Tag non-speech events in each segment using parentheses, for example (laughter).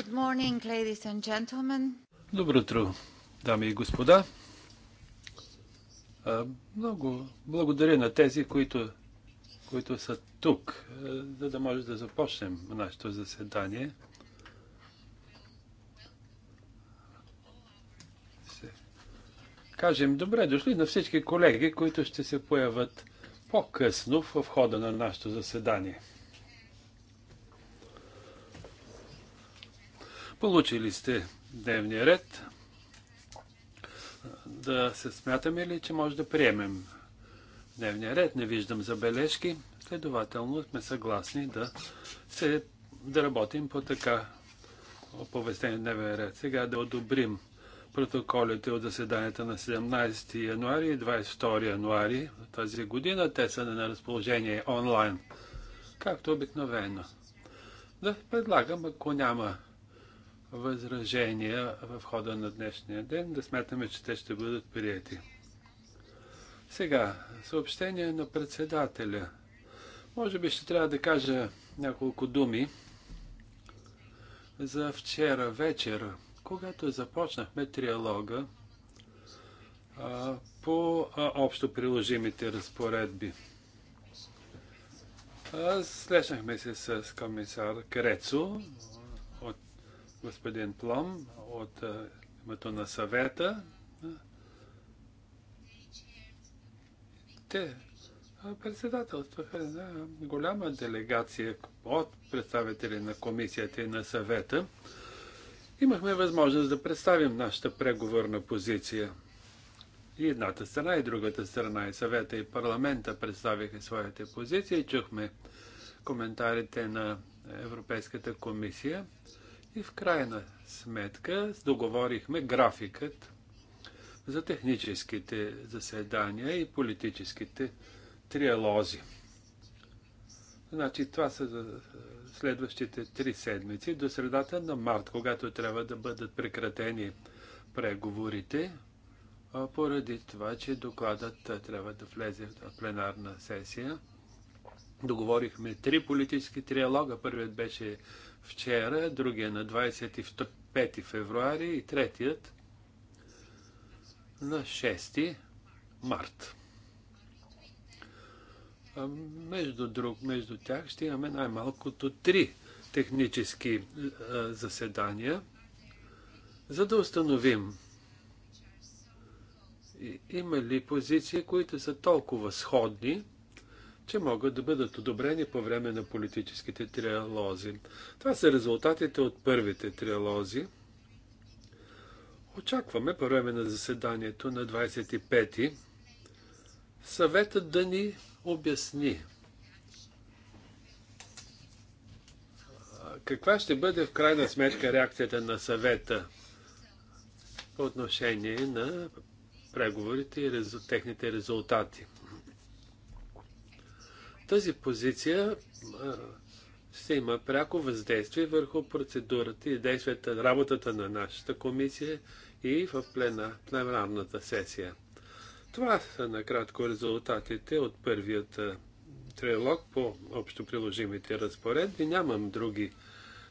Good morning, ladies and gentlemen. Добро утро, дами и господа. Много благодаря на тези, които, които са тук, за да може да започнем нашето заседание. кажем добре дошли на всички колеги, които ще се появят по-късно в хода на нашето заседание. Получили сте дневния ред. Да се смятаме ли, че може да приемем дневния ред? Не виждам забележки. Следователно сме съгласни да, се, да работим по така оповестен дневен ред. Сега да одобрим протоколите от заседанията на 17 януари и 22 януари тази година. Те са на разположение онлайн, както обикновено. Да предлагам, ако няма възражения в хода на днешния ден, да смятаме, че те ще бъдат прияти. Сега, съобщение на председателя. Може би ще трябва да кажа няколко думи за вчера вечер, когато започнахме триалога а, по а, общо приложимите разпоредби. Слешнахме се с комисар Крецо, господин Плом от е, името на съвета. Те председателстваха една голяма делегация от представители на комисията и на съвета. Имахме възможност да представим нашата преговорна позиция. И едната страна, и другата страна, и съвета, и парламента представиха своите позиции. Чухме коментарите на Европейската комисия. И в крайна сметка договорихме графикът за техническите заседания и политическите триалози. Значи това са следващите три седмици до средата на март, когато трябва да бъдат прекратени преговорите, поради това, че докладът трябва да влезе в пленарна сесия. Договорихме три политически триалога. Първият беше вчера, другия на 25 февруари и третият на 6 март. между, друг, между тях ще имаме най-малкото три технически е, заседания, за да установим има ли позиции, които са толкова сходни, че могат да бъдат одобрени по време на политическите триалози. Това са резултатите от първите триалози. Очакваме по време на заседанието на 25-ти съветът да ни обясни каква ще бъде в крайна сметка реакцията на съвета по отношение на преговорите и техните резултати. Тази позиция ще има пряко въздействие върху процедурата и действията, работата на нашата комисия и в плена, пленарната сесия. Това са накратко резултатите от първият трилог по общо приложимите разпоредби. Нямам други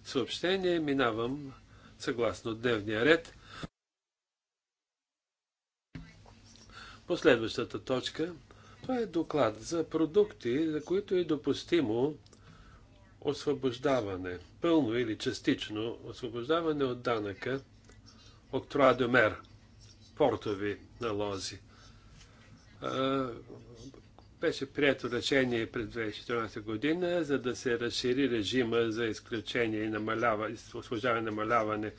съобщения. Минавам съгласно дневния ред. Последващата точка това е доклад за продукти, за които е допустимо освобождаване, пълно или частично освобождаване от данъка от Троадомер, портови налози. Беше прието решение през 2014 година, за да се разшири режима за изключение и намалява, освобождаване намаляване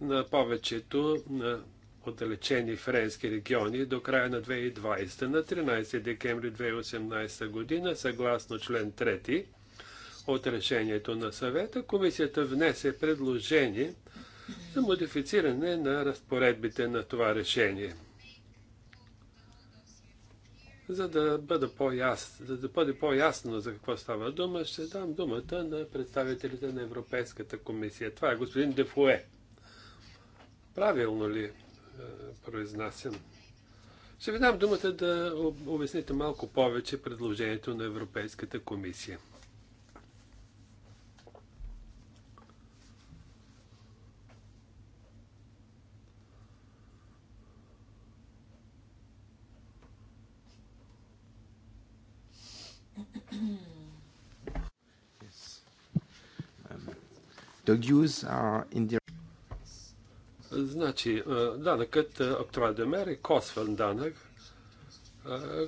на повечето на отдалечени френски региони до края на 2020. На 13 декември 2018 година, съгласно член 3 от решението на съвета, комисията внесе предложение за модифициране на разпоредбите на това решение. За да, бъда по-ясно, за да бъде по-ясно за какво става дума, ще дам думата на представителите на Европейската комисия. Това е господин Дефуе. Правилно ли е? Е, произнасям. Ще ви дам думата да обясните малко повече предложението на Европейската комисия. Yes. Um, dog use are in the Значи, данъкът това е де Мер е косвен данък,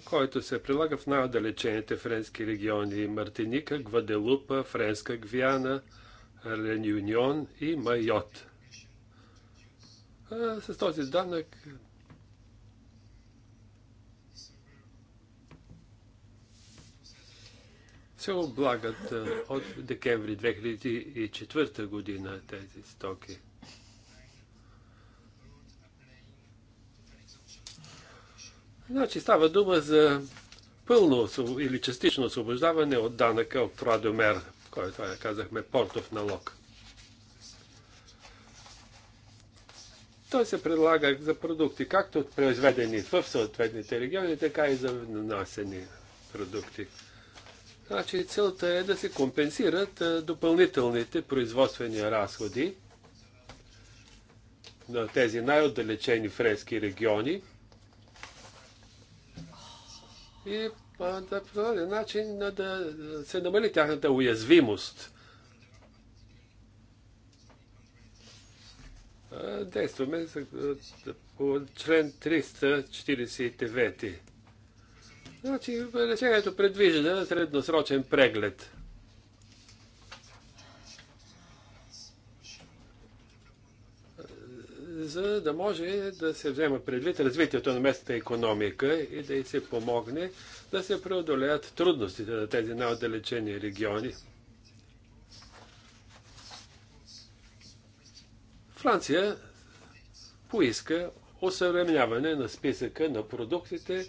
който се прилага в най-отдалечените френски региони Мартиника, Гваделупа, Френска Гвиана, Реюнион и Майот. С този данък се облагат от декември 2004 година тези стоки. Значи става дума за пълно или частично освобождаване от данъка от Радомер, който е, казахме, портов налог. Той се предлага за продукти, както произведени в съответните региони, така и за нанасени продукти. Значи целта е да се компенсират допълнителните производствени разходи на тези най-отдалечени френски региони – и по този начин да се намали тяхната уязвимост. Действаме по член 349. Значи, решението предвижда средносрочен преглед. за да може да се взема предвид развитието на местната економика и да й се помогне да се преодолеят трудностите на тези най-отдалечени региони. Франция поиска осъвременяване на списъка на продуктите,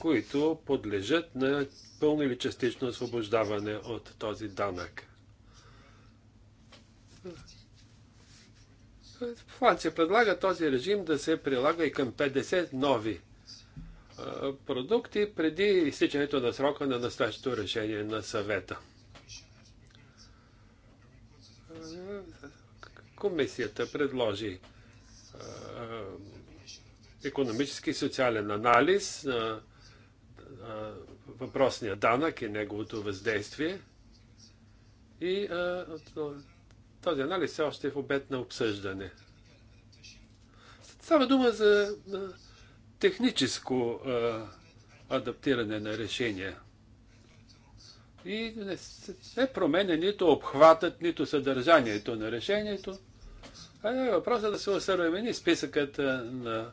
които подлежат на пълно или частично освобождаване от този данък. Франция се предлага този режим да се прилага и към 50 нови продукти преди изтичането на срока на настоящото решение на съвета. Комисията предложи економически и социален анализ на въпросния данък и неговото въздействие. И този анализ все още е в обед на обсъждане. Става дума за техническо адаптиране на решения. И не се променя нито обхватът, нито съдържанието на решението. А е въпросът е да се осъвремени списъкът на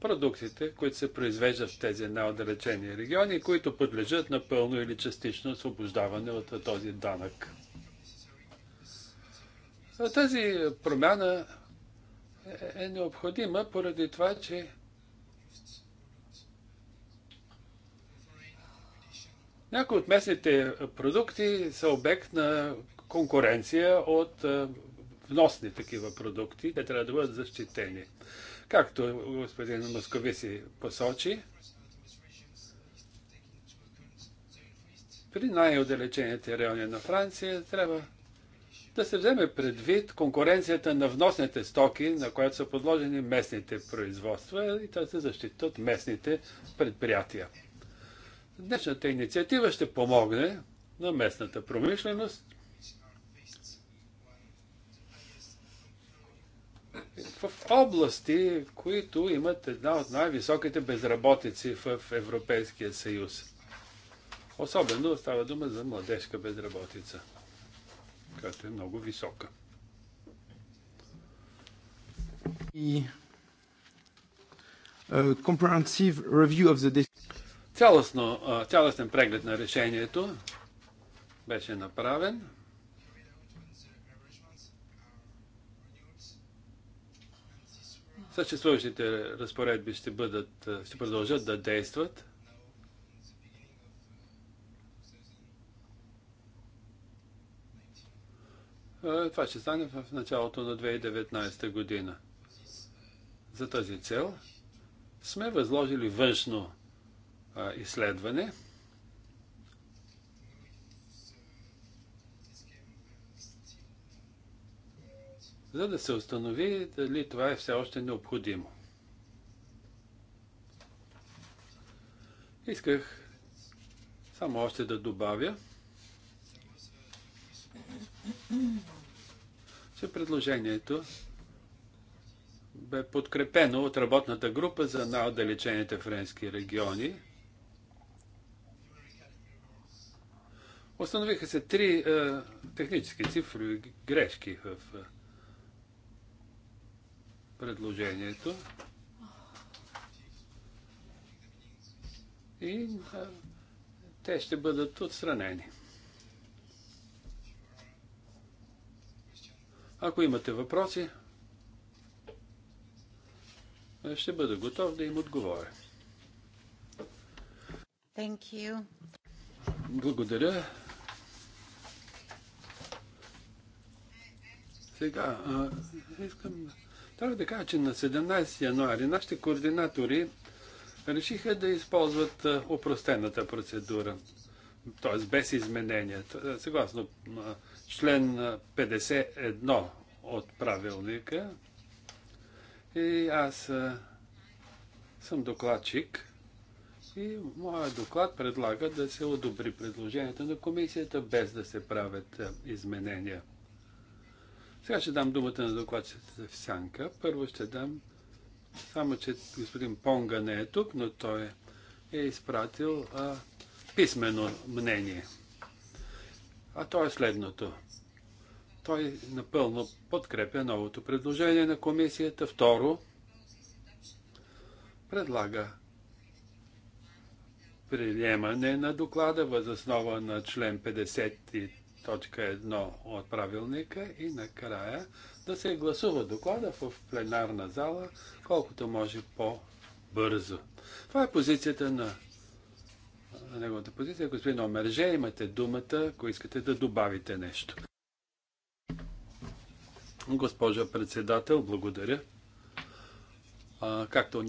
продуктите, които се произвеждат в тези най-отдалечени региони, които подлежат на пълно или частично освобождаване от този данък тази промяна е, е необходима поради това, че някои от местните продукти са обект на конкуренция от е, вносни такива продукти. Те трябва да бъдат защитени. Както господин Московиси посочи, при най-отдалечените райони на Франция трябва да се вземе предвид конкуренцията на вносните стоки, на която са подложени местните производства и да се защитат местните предприятия. Днешната инициатива ще помогне на местната промишленост в области, които имат една от най-високите безработици в Европейския съюз. Особено става дума за младежка безработица която е много висока. И е, Цялостно, е, цялостен преглед на решението беше направен. Съществуващите разпоредби ще, бъдат, е, ще продължат да действат. Е, това ще стане в началото на 2019 година. За тази цел сме възложили външно изследване. за да се установи дали това е все още необходимо. Исках само още да добавя, че предложението бе подкрепено от работната група за най-отдалечените френски региони. Установиха се три е, технически цифри, грешки в е, предложението. И е, те ще бъдат отстранени. Ако имате въпроси, ще бъда готов да им отговоря. Thank you. Благодаря. Сега, а, искам. Трябва да кажа, че на 17 януари нашите координатори решиха да използват опростената процедура, т.е. без изменения. Съгласно член 51 от правилника. И аз съм докладчик и моят доклад предлага да се одобри предложението на комисията без да се правят изменения. Сега ще дам думата на докладчицата в сянка. Първо ще дам, само че господин Понга не е тук, но той е изпратил писмено мнение. А то е следното. Той напълно подкрепя новото предложение на комисията. Второ, предлага приемане на доклада възоснова на член 50 точка 1 от правилника и накрая да се гласува доклада в пленарна зала колкото може по-бързо. Това е позицията на на неговата позиция. Господин Омерже, имате думата, ако искате да добавите нещо. Госпожа председател, благодаря. А, както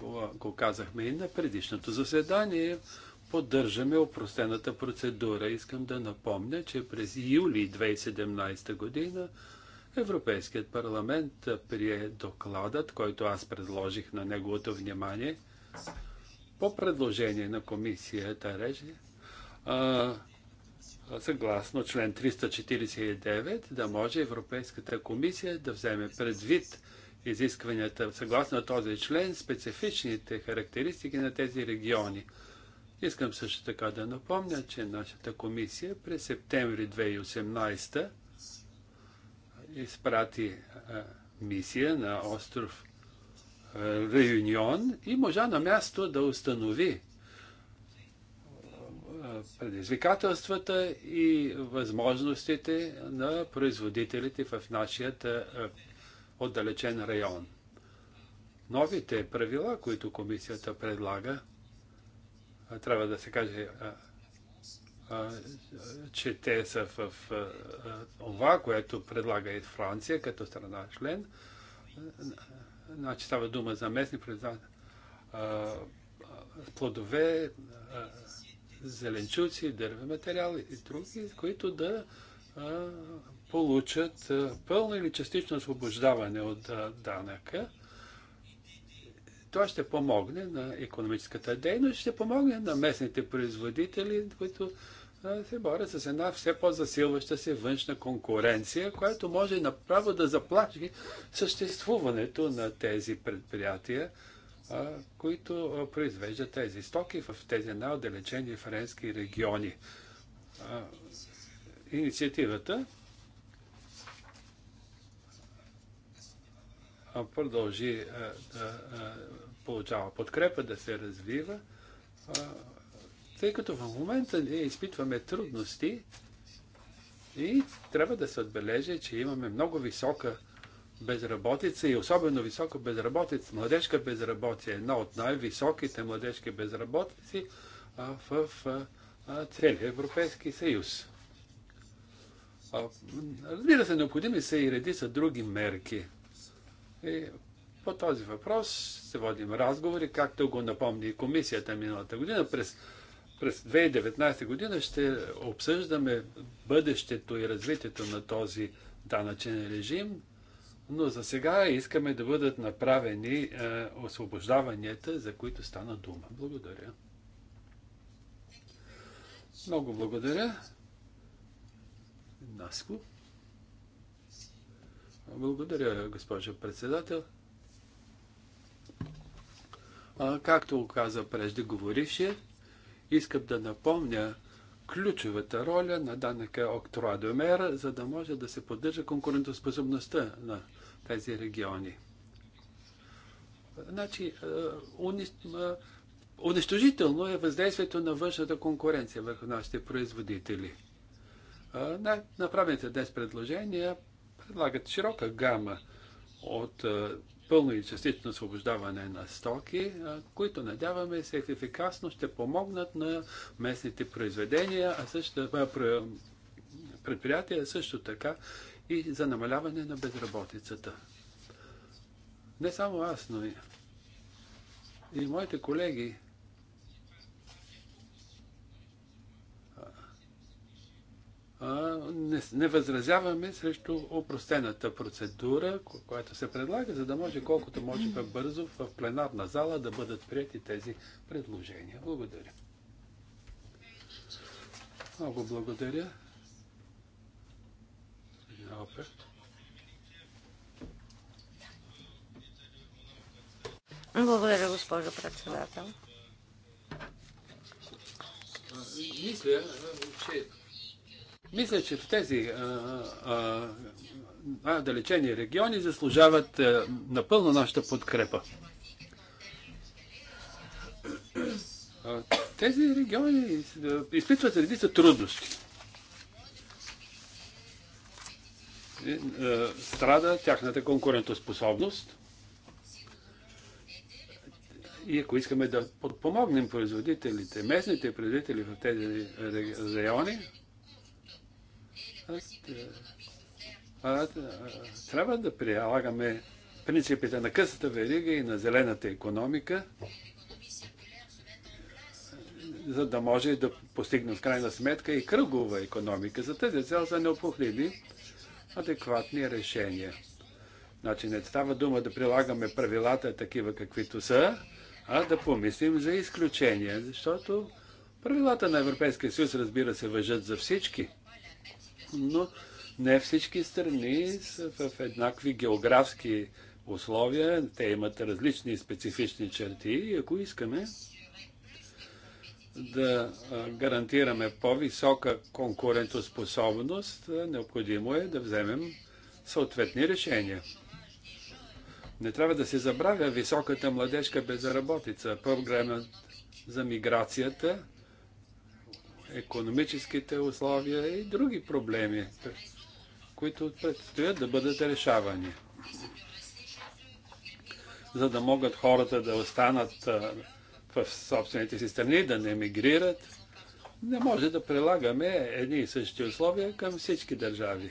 го, го казахме и на предишното заседание, поддържаме опростената процедура. Искам да напомня, че през юли 2017 година Европейският парламент прие докладът, който аз предложих на неговото внимание – по предложение на комисията реже, а, съгласно член 349, да може Европейската комисия да вземе предвид изискванията, съгласно този член, специфичните характеристики на тези региони. Искам също така да напомня, че нашата комисия през септември 2018 изпрати а, мисия на остров Реюнион и можа на място да установи предизвикателствата и възможностите на производителите в нашия отдалечен район. Новите правила, които комисията предлага, трябва да се каже, че те са в това, което предлага и Франция като страна член, Значи става дума за местни производства, плодове, а, зеленчуци, дървен материал и други, които да а, получат а, пълно или частично освобождаване от данъка. Това ще помогне на економическата дейност, ще помогне на местните производители, които се борят с една все по-засилваща се външна конкуренция, която може направо да заплаши съществуването на тези предприятия, които произвеждат тези стоки в тези най-отдалечени френски региони. Инициативата продължи да получава подкрепа, да се развива тъй като в момента ние изпитваме трудности и трябва да се отбележи, че имаме много висока безработица и особено висока безработица, младежка безработица, една от най-високите младежки безработици а, в а, целия Европейски съюз. А, разбира се, необходими са и редица други мерки. И по този въпрос се водим разговори, както го напомни и комисията миналата година. През през 2019 година ще обсъждаме бъдещето и развитието на този данъчен режим, но за сега искаме да бъдат направени е, освобождаванията, за които стана дума. Благодаря. Много благодаря. Наско. Благодаря, госпожо председател. А, както каза преждеговорившият, искам да напомня ключовата роля на данъка Октроа за да може да се поддържа конкурентоспособността на тези региони. Значи, е, е, унищожително е въздействието на външната конкуренция върху нашите производители. Е, направените днес предложения предлагат широка гама от пълно и частично освобождаване на стоки, които надяваме се ефикасно ще помогнат на местните произведения, а също, предприятия също така и за намаляване на безработицата. Не само аз, но и, и моите колеги не, не възразяваме срещу опростената процедура, която се предлага, за да може колкото може по-бързо в пленарна зала да бъдат прияти тези предложения. Благодаря. Много благодаря. Благодаря, госпожо председател. Мисля, че мисля, че в тези отдалечени далечени региони заслужават а, е, напълно нашата подкрепа. А, тези региони е, изпитват редица трудности. Е, страда тяхната конкурентоспособност. И ако искаме да подпомогнем производителите, местните производители в тези райони, трябва да прилагаме принципите на късата верига и на зелената економика, за да може да постигнем в крайна сметка и кръгова економика. За тези цел са необходими адекватни решения. Значи не става дума да прилагаме правилата такива каквито са, а да помислим за изключения, защото правилата на Европейския съюз, разбира се, въжат за всички – но не всички страни са в еднакви географски условия, те имат различни специфични черти и ако искаме да гарантираме по-висока конкурентоспособност, необходимо е да вземем съответни решения. Не трябва да се забравя високата младежка безработица. Програма за миграцията економическите условия и други проблеми, които предстоят да бъдат решавани. За да могат хората да останат в собствените си страни, да не емигрират, не може да прилагаме едни и същи условия към всички държави.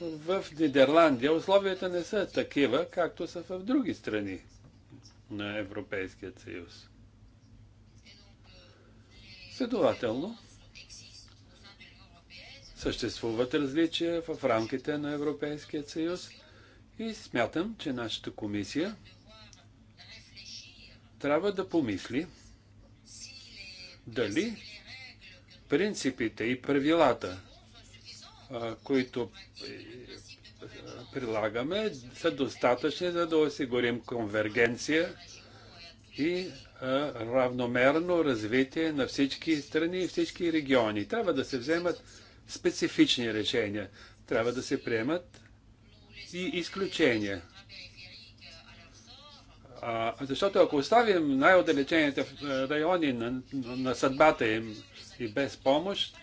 В Нидерландия условията не са такива, както са в други страни на Европейския съюз. Следователно, съществуват различия в рамките на Европейския съюз и смятам, че нашата комисия трябва да помисли дали принципите и правилата, които прилагаме, са достатъчни, за да осигурим конвергенция и а, равномерно развитие на всички страни и всички региони. Трябва да се вземат специфични решения. Трябва да се приемат и изключения. А, защото ако оставим най-отдалечените райони на, на, на съдбата им и без помощ,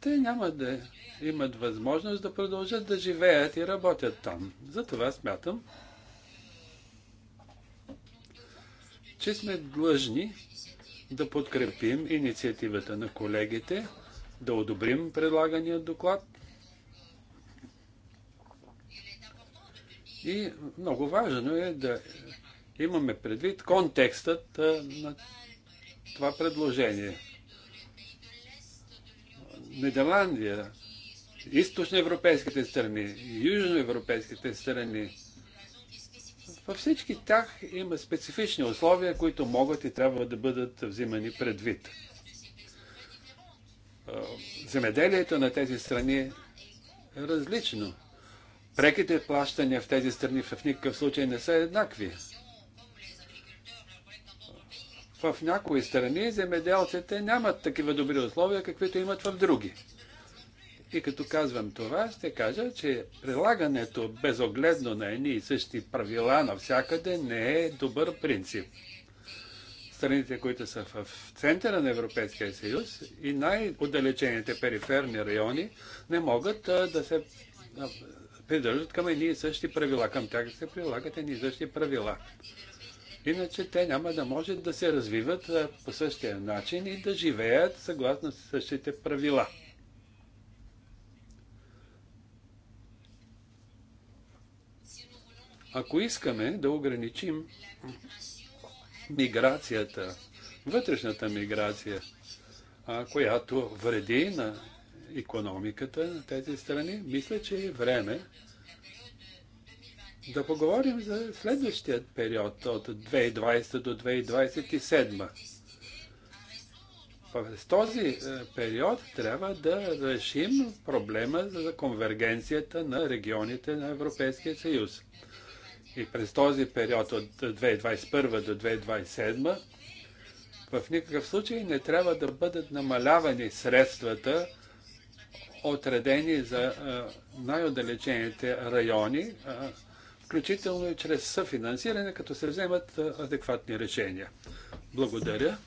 те няма да имат възможност да продължат да живеят и работят там. Затова смятам, че сме длъжни да подкрепим инициативата на колегите, да одобрим предлагания доклад. И много важно е да имаме предвид контекстът на това предложение. Нидерландия, източноевропейските страни, южноевропейските страни във всички тях има специфични условия, които могат и трябва да бъдат взимани предвид. Земеделието на тези страни е различно. Преките плащания в тези страни в никакъв случай не са еднакви. В някои страни земеделците нямат такива добри условия, каквито имат в други. И като казвам това, ще кажа, че прилагането безогледно на едни и същи правила навсякъде не е добър принцип. Страните, които са в центъра на Европейския съюз и най-отдалечените периферни райони, не могат да се придържат към едни и същи правила. Към тях се прилагат едни и същи правила. Иначе те няма да може да се развиват по същия начин и да живеят съгласно същите правила. Ако искаме да ограничим миграцията, вътрешната миграция, която вреди на економиката на тези страни, мисля, че е време да поговорим за следващия период от 2020 до 2027. В този е, период трябва да решим проблема за конвергенцията на регионите на Европейския съюз. И през този период от 2021 до 2027 в никакъв случай не трябва да бъдат намалявани средствата, отредени за най-отдалечените райони, включително и чрез съфинансиране, като се вземат адекватни решения. Благодаря.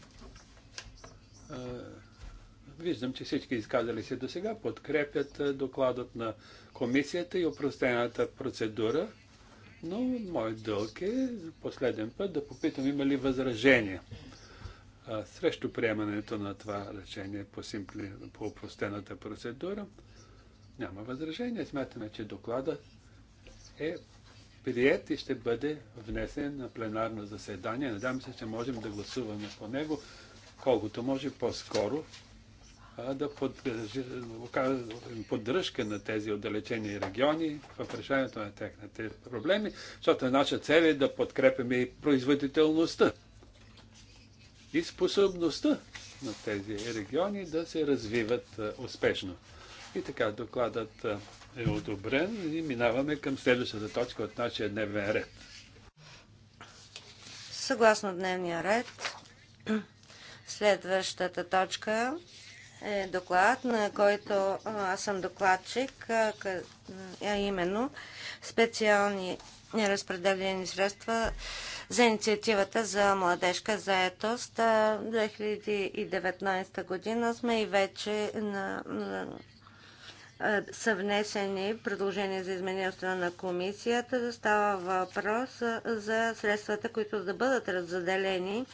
Виждам, че всички изказали се до сега подкрепят докладът на комисията и упростената процедура. Но моят дълг е за последен път да попитам има ли възражения срещу приемането на това решение по, симпли, по упростената процедура. Няма възражение. Смятаме, че доклада е прият и ще бъде внесен на пленарно заседание. Надявам се, че можем да гласуваме по него колкото може по-скоро да поддръжка на тези отдалечени региони в решението на техните проблеми, защото е наша цел е да подкрепяме и производителността и способността на тези региони да се развиват успешно. И така, докладът е одобрен и минаваме към следващата точка от нашия дневен ред. Съгласно дневния ред, (clears throat) следващата точка е доклад, на който аз съм докладчик, а именно специални неразпределени средства за инициативата за младежка заетост. 2019 година сме и вече на са внесени предложения за изменение на комисията. Става въпрос за средствата, които да бъдат разделени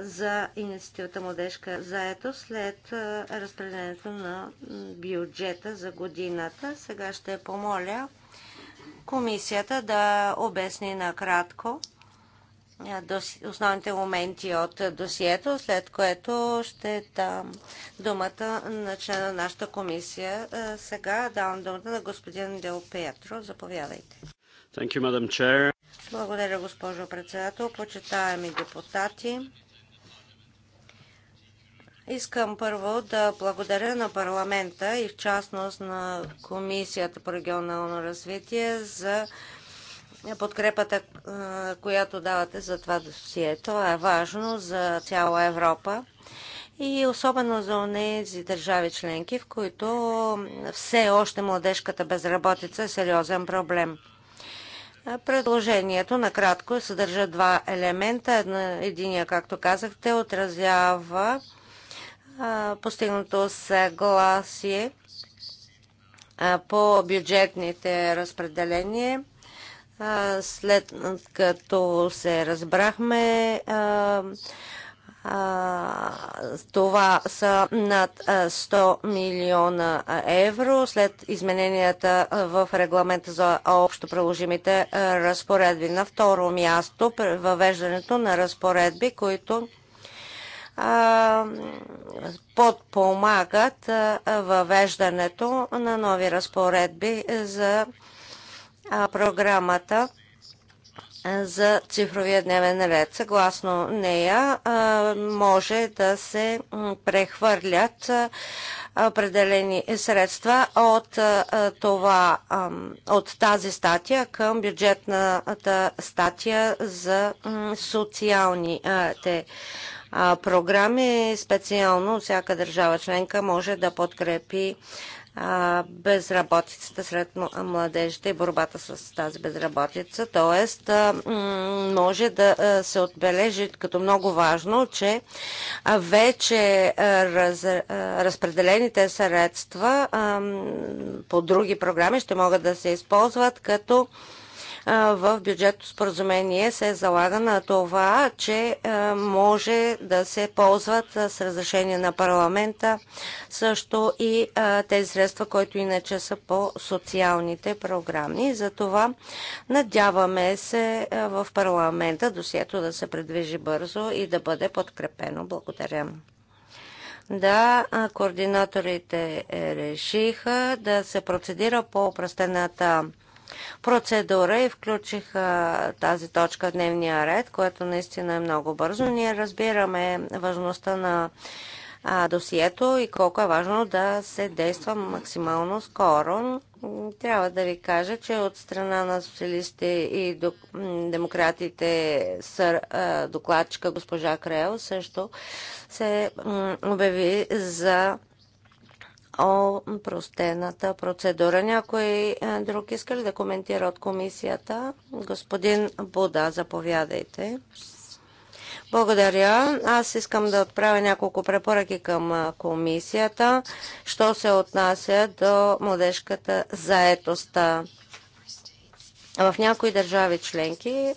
за инициативата Младежка заето след разпределението на бюджета за годината. Сега ще помоля комисията да обясни накратко основните моменти от досието, след което ще дам думата на члена на нашата комисия. Сега давам думата на господин Дел Петро. Заповядайте. Thank you, Madam Chair. Благодаря, госпожо председател. Почитаеми депутати, искам първо да благодаря на парламента и в частност на Комисията по регионално развитие за подкрепата, която давате за това досие. Това е важно за цяла Европа и особено за тези държави членки, в които все още младежката безработица е сериозен проблем. Предложението накратко съдържа два елемента. Единия, както казахте, отразява постигнато съгласие по бюджетните разпределения. след като се разбрахме, това са над 100 милиона евро след измененията в регламента за общо приложимите разпоредби. На второ място въвеждането на разпоредби, които подпомагат въвеждането на нови разпоредби за програмата за цифровия дневен ред. Съгласно нея може да се прехвърлят определени средства от, това, от тази статия към бюджетната статия за социалните програми. Специално всяка държава членка може да подкрепи безработицата сред младежите и борбата с тази безработица. Тоест, може да се отбележи като много важно, че вече раз, разпределените средства по други програми ще могат да се използват като в бюджетно споразумение се залага на това, че може да се ползват с разрешение на парламента също и тези средства, които иначе са по социалните програми. Затова надяваме се в парламента досието да се предвижи бързо и да бъде подкрепено. Благодаря. Да, координаторите решиха да се процедира по простената процедура и включиха тази точка в дневния ред, което наистина е много бързо. Ние разбираме важността на а, досието и колко е важно да се действа максимално скоро. Трябва да ви кажа, че от страна на социалистите и демократите сър, докладчика госпожа Крел също се обяви за простената процедура. Някой е, друг иска ли да коментира от комисията? Господин Буда, заповядайте. Благодаря. Аз искам да отправя няколко препоръки към комисията, що се отнася до младежката заетост. В някои държави членки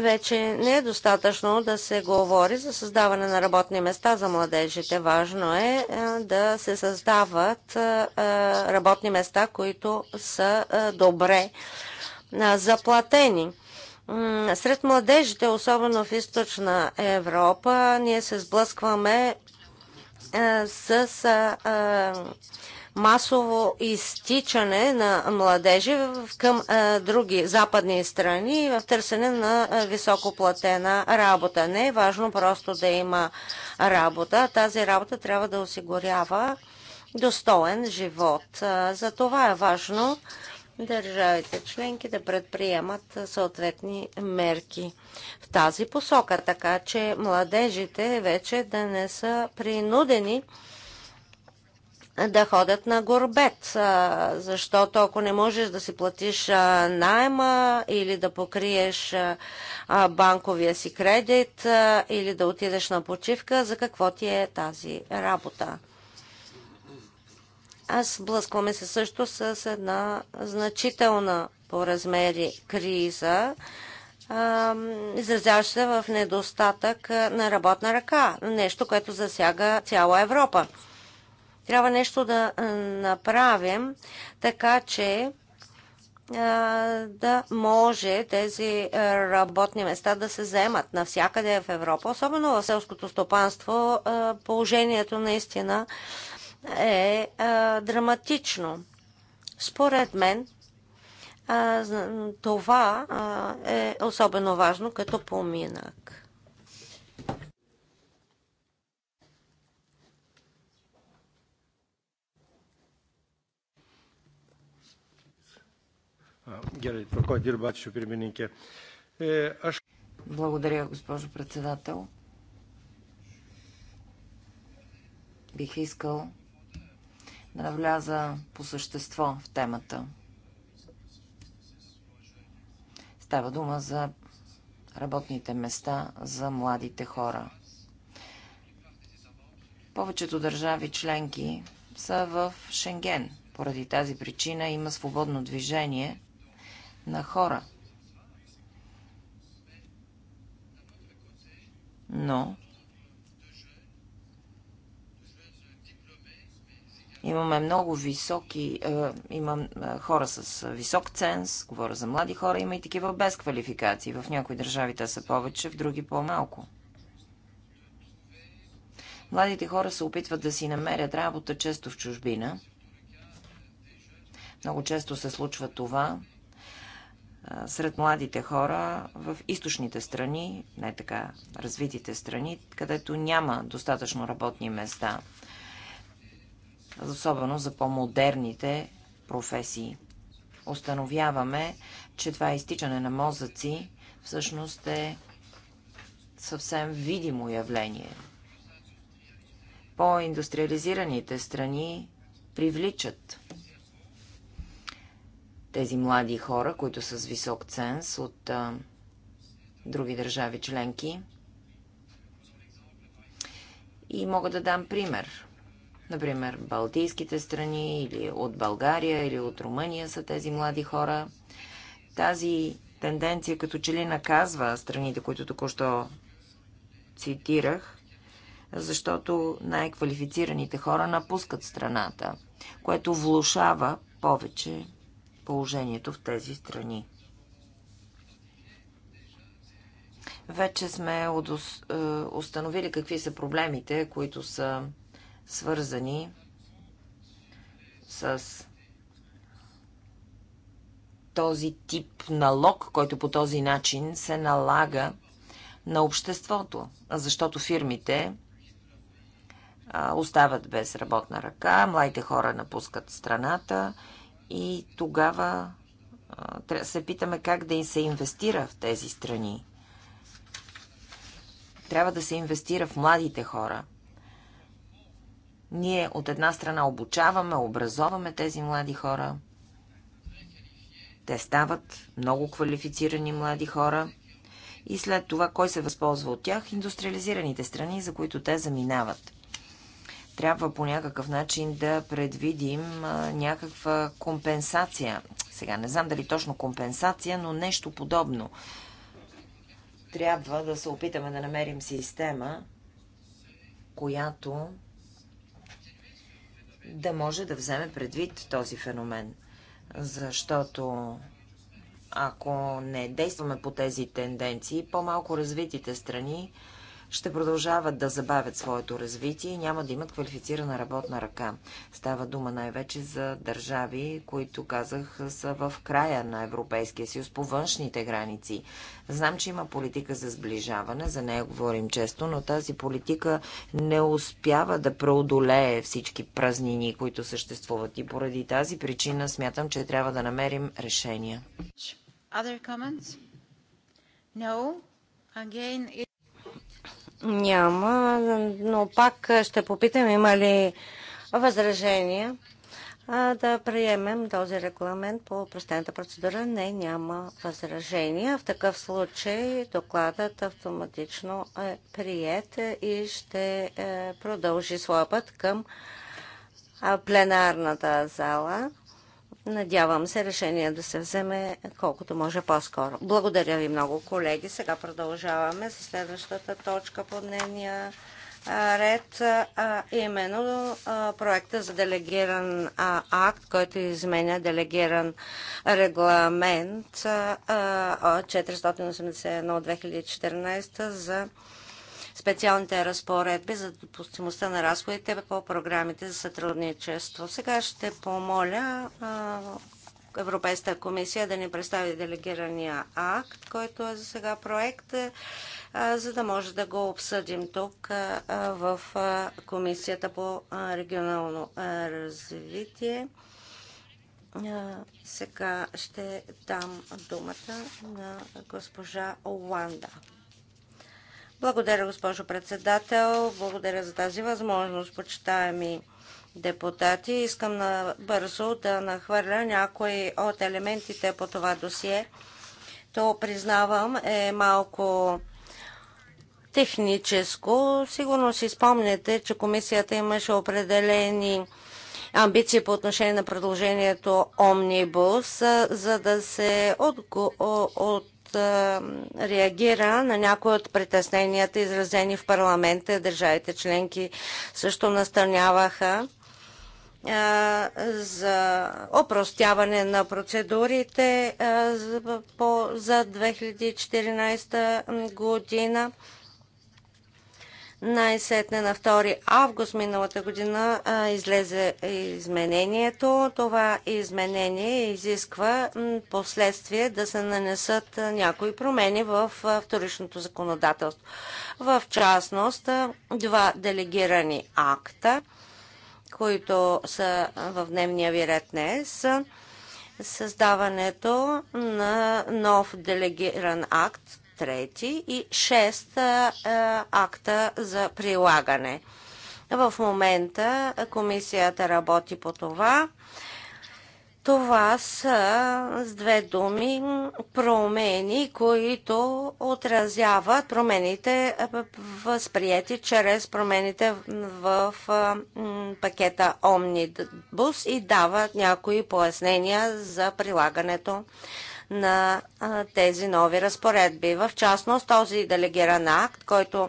вече не е достатъчно да се говори за създаване на работни места за младежите. Важно е, е да се създават е, е, работни места, които са добре заплатени. Сред младежите, особено в източна Европа, ние се сблъскваме с масово изтичане на младежи към е, други западни страни в търсене на е, високоплатена работа. Не е важно просто да има работа. Тази работа трябва да осигурява достоен живот. Е, за това е важно държавите членки да предприемат съответни мерки в тази посока, така че младежите вече да не са принудени да ходят на горбет, защото ако не можеш да си платиш найма или да покриеш банковия си кредит или да отидеш на почивка, за какво ти е тази работа? Аз блъскваме се също с една значителна по размери криза, изразяваща се в недостатък на работна ръка. Нещо, което засяга цяла Европа. Трябва нещо да направим, така че да може тези работни места да се вземат навсякъде в Европа, особено в селското стопанство. Положението наистина е драматично. Според мен, това е особено важно като поминък. Gerai, dirba, ačiū pirmininkė. Aš... Благодаря, госпожо председател. Бих искал да навляза по същество в темата. Става дума за работните места за младите хора. Повечето държави членки са в Шенген. Поради тази причина има свободно движение на хора. Но имаме много високи, е, имам е, хора с е, висок ценз, говоря за млади хора, има и такива без квалификации. В някои държави те са повече, в други по-малко. Младите хора се опитват да си намерят работа често в чужбина. Много често се случва това сред младите хора в източните страни, не така развитите страни, където няма достатъчно работни места, особено за по-модерните професии. Установяваме, че това изтичане на мозъци всъщност е съвсем видимо явление. По-индустриализираните страни привличат тези млади хора, които са с висок ценз от а, други държави членки. И мога да дам пример. Например, Балтийските страни или от България или от Румъния са тези млади хора. Тази тенденция като че ли наказва страните, които току-що цитирах, защото най-квалифицираните хора напускат страната, което влушава повече положението в тези страни. Вече сме е, установили какви са проблемите, които са свързани с този тип налог, който по този начин се налага на обществото, защото фирмите е, остават без работна ръка, младите хора напускат страната и тогава се питаме как да се инвестира в тези страни. Трябва да се инвестира в младите хора. Ние от една страна обучаваме, образоваме тези млади хора. Те стават много квалифицирани млади хора. И след това кой се възползва от тях? Индустриализираните страни, за които те заминават трябва по някакъв начин да предвидим някаква компенсация. Сега не знам дали точно компенсация, но нещо подобно. Трябва да се опитаме да намерим система, която да може да вземе предвид този феномен. Защото ако не действаме по тези тенденции, по-малко развитите страни ще продължават да забавят своето развитие и няма да имат квалифицирана работна ръка. Става дума най-вече за държави, които, казах, са в края на Европейския съюз, по външните граници. Знам, че има политика за сближаване, за нея говорим често, но тази политика не успява да преодолее всички празнини, които съществуват. И поради тази причина смятам, че трябва да намерим решения. Other comments? No. Again, it... Няма, но пак ще попитам има ли възражения да приемем този регламент по простената процедура. Не, няма възражения. В такъв случай докладът автоматично е прият и ще е, продължи своя път към пленарната зала. Надявам се решение да се вземе колкото може по-скоро. Благодаря ви много, колеги. Сега продължаваме с следващата точка по дневния ред, а именно а, проекта за делегиран а, акт, който изменя делегиран регламент а, 481 от 2014 за специалните разпоредби за допустимостта на разходите по програмите за сътрудничество. Сега ще помоля Европейската комисия да ни представи делегирания акт, който е за сега проект, за да може да го обсъдим тук в Комисията по регионално развитие. Сега ще дам думата на госпожа Оланда. Благодаря, госпожо председател. Благодаря за тази възможност, почитаеми депутати. Искам на бързо да нахвърля някои от елементите по това досие. То, признавам, е малко техническо. Сигурно си спомняте, че комисията имаше определени амбиции по отношение на предложението Омнибус, за да се от, от, да реагира на някои от притесненията, изразени в парламента. Държавите членки също настърняваха за опростяване на процедурите за 2014 година най-сетне на 2 август миналата година а, излезе изменението. Това изменение изисква последствие да се нанесат някои промени в вторичното законодателство. В частност, два делегирани акта, които са в дневния ви ред днес създаването на нов делегиран акт, трети и 6 акта за прилагане. В момента комисията работи по това. Това са, с две думи, промени, които отразяват промените възприяти чрез промените в пакета Omnibus и дават някои пояснения за прилагането на тези нови разпоредби. В частност, този делегиран акт, който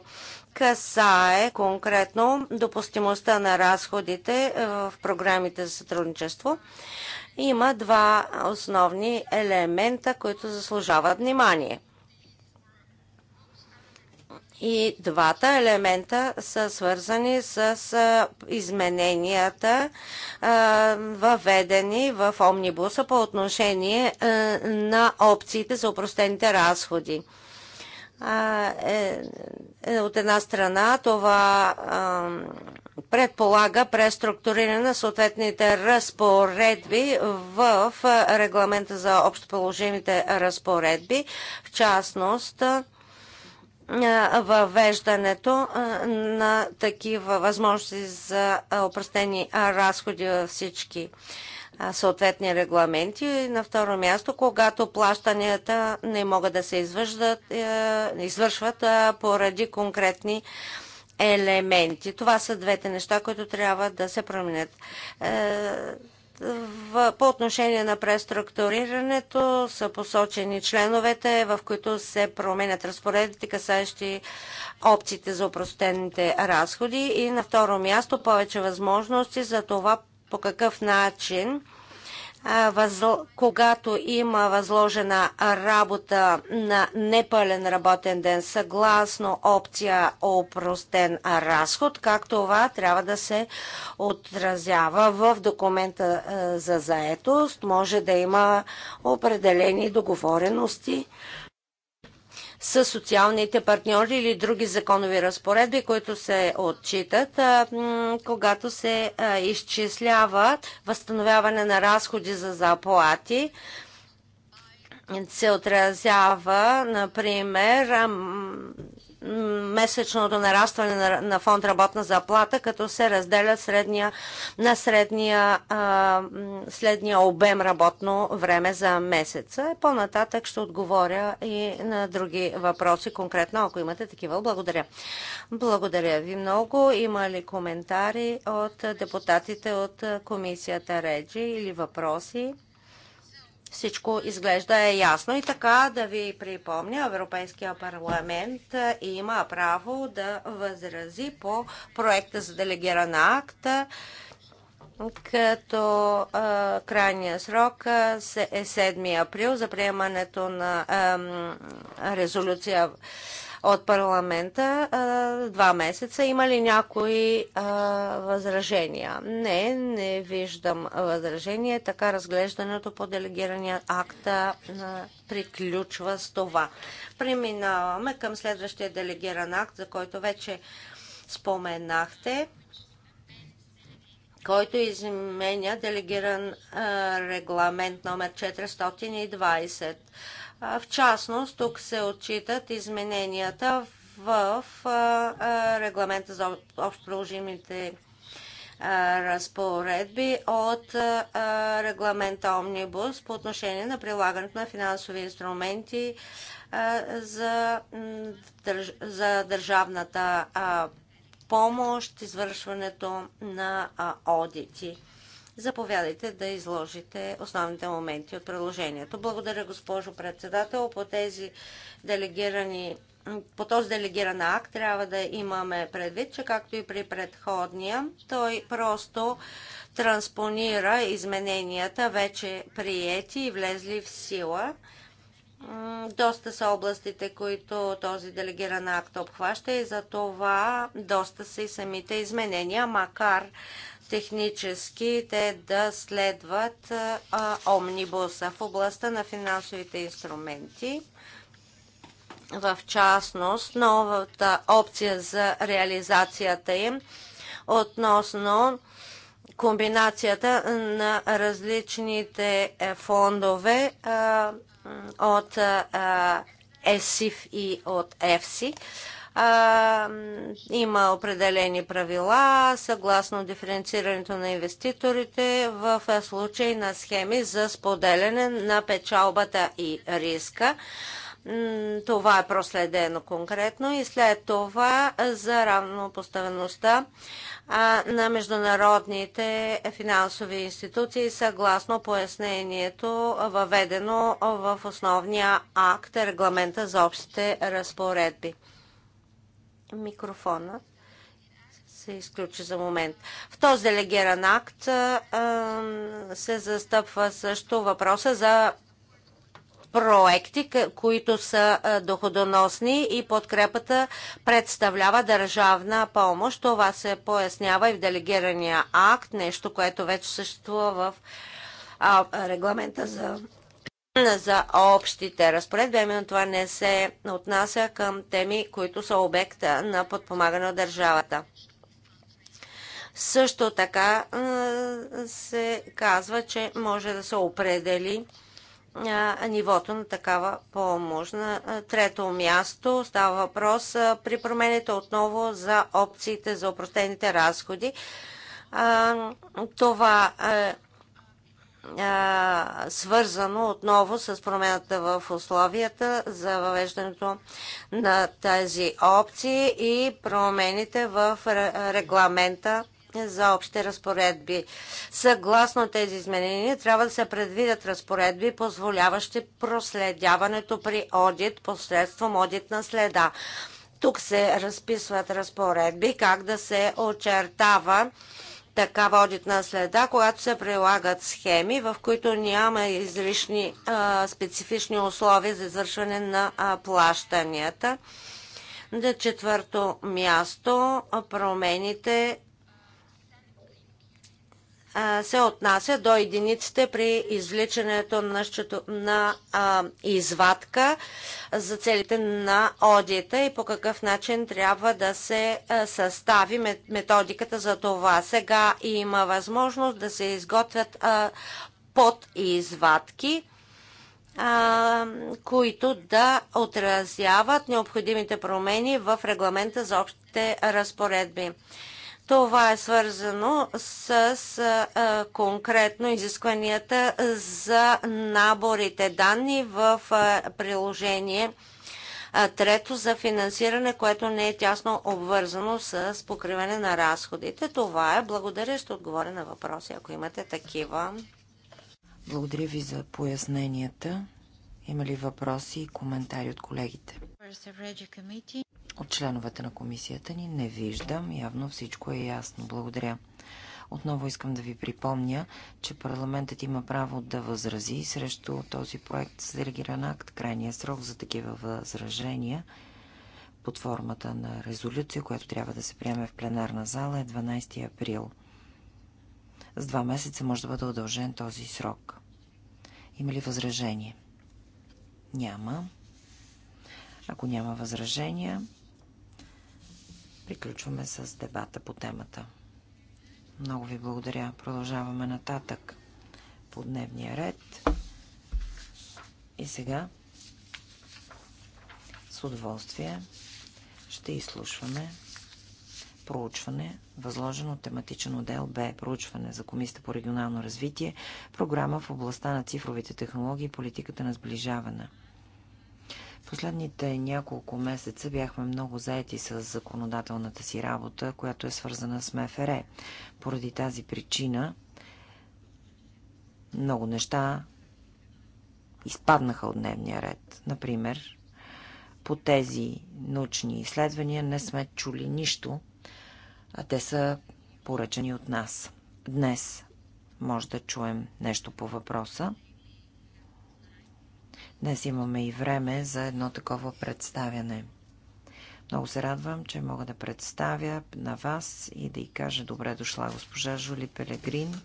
касае конкретно допустимостта на разходите в програмите за сътрудничество. Има два основни елемента, които заслужават внимание – и двата елемента са свързани с измененията, въведени в омнибуса по отношение на опциите за упростените разходи. Е, е, от една страна това предполага преструктуриране на съответните разпоредби в регламента за общоположените разпоредби, в частност въвеждането на такива възможности за опростени разходи във всички съответни регламенти. И на второ място, когато плащанията не могат да се е, извършват, извършват поради конкретни елементи. Това са двете неща, които трябва да се променят. Е, в, по отношение на преструктурирането са посочени членовете, в които се променят разпоредите, касаещи опциите за упростените разходи и на второ място повече възможности за това по какъв начин когато има възложена работа на непълен работен ден съгласно опция опростен разход, как това трябва да се отразява в документа за заетост. Може да има определени договорености с социалните партньори или други законови разпоредби, които се отчитат, когато се изчисляват възстановяване на разходи за заплати се отразява, например, месечното нарастване на, на фонд работна заплата, като се разделя средния, на средния, а, следния обем работно време за месеца. По-нататък ще отговоря и на други въпроси, конкретно ако имате такива. Благодаря. Благодаря ви много. Има ли коментари от депутатите от комисията Реджи или въпроси? Всичко изглежда е ясно и така да ви припомня, Европейския парламент има право да възрази по проекта за делегиран акт като а, крайния срок а, е 7 април за приемането на а, резолюция от парламента два месеца. Има ли някои възражения? Не, не виждам възражения, Така разглеждането по делегирания акта приключва с това. Преминаваме към следващия делегиран акт, за който вече споменахте който изменя делегиран а, регламент номер 420. В частност, тук се отчитат измененията в регламента за общо приложимите разпоредби от регламента Омнибус по отношение на прилагането на финансови инструменти за, за държавната помощ, извършването на одити. Заповядайте да изложите основните моменти от предложението. Благодаря, госпожо председател. По тези делегирани по този делегиран акт трябва да имаме предвид, че както и при предходния, той просто транспонира измененията вече приети и влезли в сила. Доста са областите, които този делегиран акт обхваща и за това доста са и самите изменения, макар технически те да следват а, омнибуса в областта на финансовите инструменти. В частност, новата опция за реализацията им относно комбинацията на различните е, фондове а, от а, е, ЕСИФ и от ЕФСИ а, има определени правила съгласно диференцирането на инвеститорите в случай на схеми за споделяне на печалбата и риска. Това е проследено конкретно и след това за равнопоставеността на международните финансови институции съгласно пояснението въведено в основния акт регламента за общите разпоредби. Микрофона се изключи за момент. В този делегиран акт се застъпва също въпроса за проекти, които са доходоносни и подкрепата представлява държавна помощ. Това се пояснява и в делегирания акт, нещо, което вече съществува в регламента за за общите разпоредби, именно това не се отнася към теми, които са обекта на подпомагане от държавата. Също така се казва, че може да се определи нивото на такава помощ. На трето място става въпрос при промените отново за опциите за опростените разходи. Това е свързано отново с промената в условията за въвеждането на тази опция и промените в регламента за общи разпоредби. Съгласно тези изменения трябва да се предвидят разпоредби, позволяващи проследяването при одит посредством одитна следа. Тук се разписват разпоредби, как да се очертава такава одитна следа, когато се прилагат схеми, в които няма излишни а, специфични условия за извършване на а, плащанията. На четвърто място промените се отнася до единиците при извличането на, счето, на а, извадка за целите на одита и по какъв начин трябва да се състави методиката за това. Сега има възможност да се изготвят а, под извадки а, които да отразяват необходимите промени в регламента за общите разпоредби. Това е свързано с а, конкретно изискванията за наборите данни в а, приложение а, трето за финансиране, което не е тясно обвързано с покриване на разходите. Това е. Благодаря. Ще отговоря на въпроси, ако имате такива. Благодаря ви за поясненията. Има ли въпроси и коментари от колегите? От членовете на комисията ни не виждам. Явно всичко е ясно. Благодаря. Отново искам да ви припомня, че парламентът има право да възрази срещу този проект с делегиран акт. Крайния срок за такива възражения под формата на резолюция, която трябва да се приеме в пленарна зала е 12 април. С два месеца може да бъде удължен този срок. Има ли възражение? Няма. Ако няма възражения, приключваме с дебата по темата. Много ви благодаря. Продължаваме нататък по дневния ред. И сега с удоволствие ще изслушваме проучване, възложено тематичен отдел Б, проучване за Комисията по регионално развитие, програма в областта на цифровите технологии и политиката на сближаване – Последните няколко месеца бяхме много заети с законодателната си работа, която е свързана с МФР. Поради тази причина много неща изпаднаха от дневния ред. Например, по тези научни изследвания не сме чули нищо, а те са поръчани от нас. Днес може да чуем нещо по въпроса. Днес имаме и време за едно такова представяне. Много се радвам, че мога да представя на вас и да й кажа добре дошла госпожа Жули Пелегрин,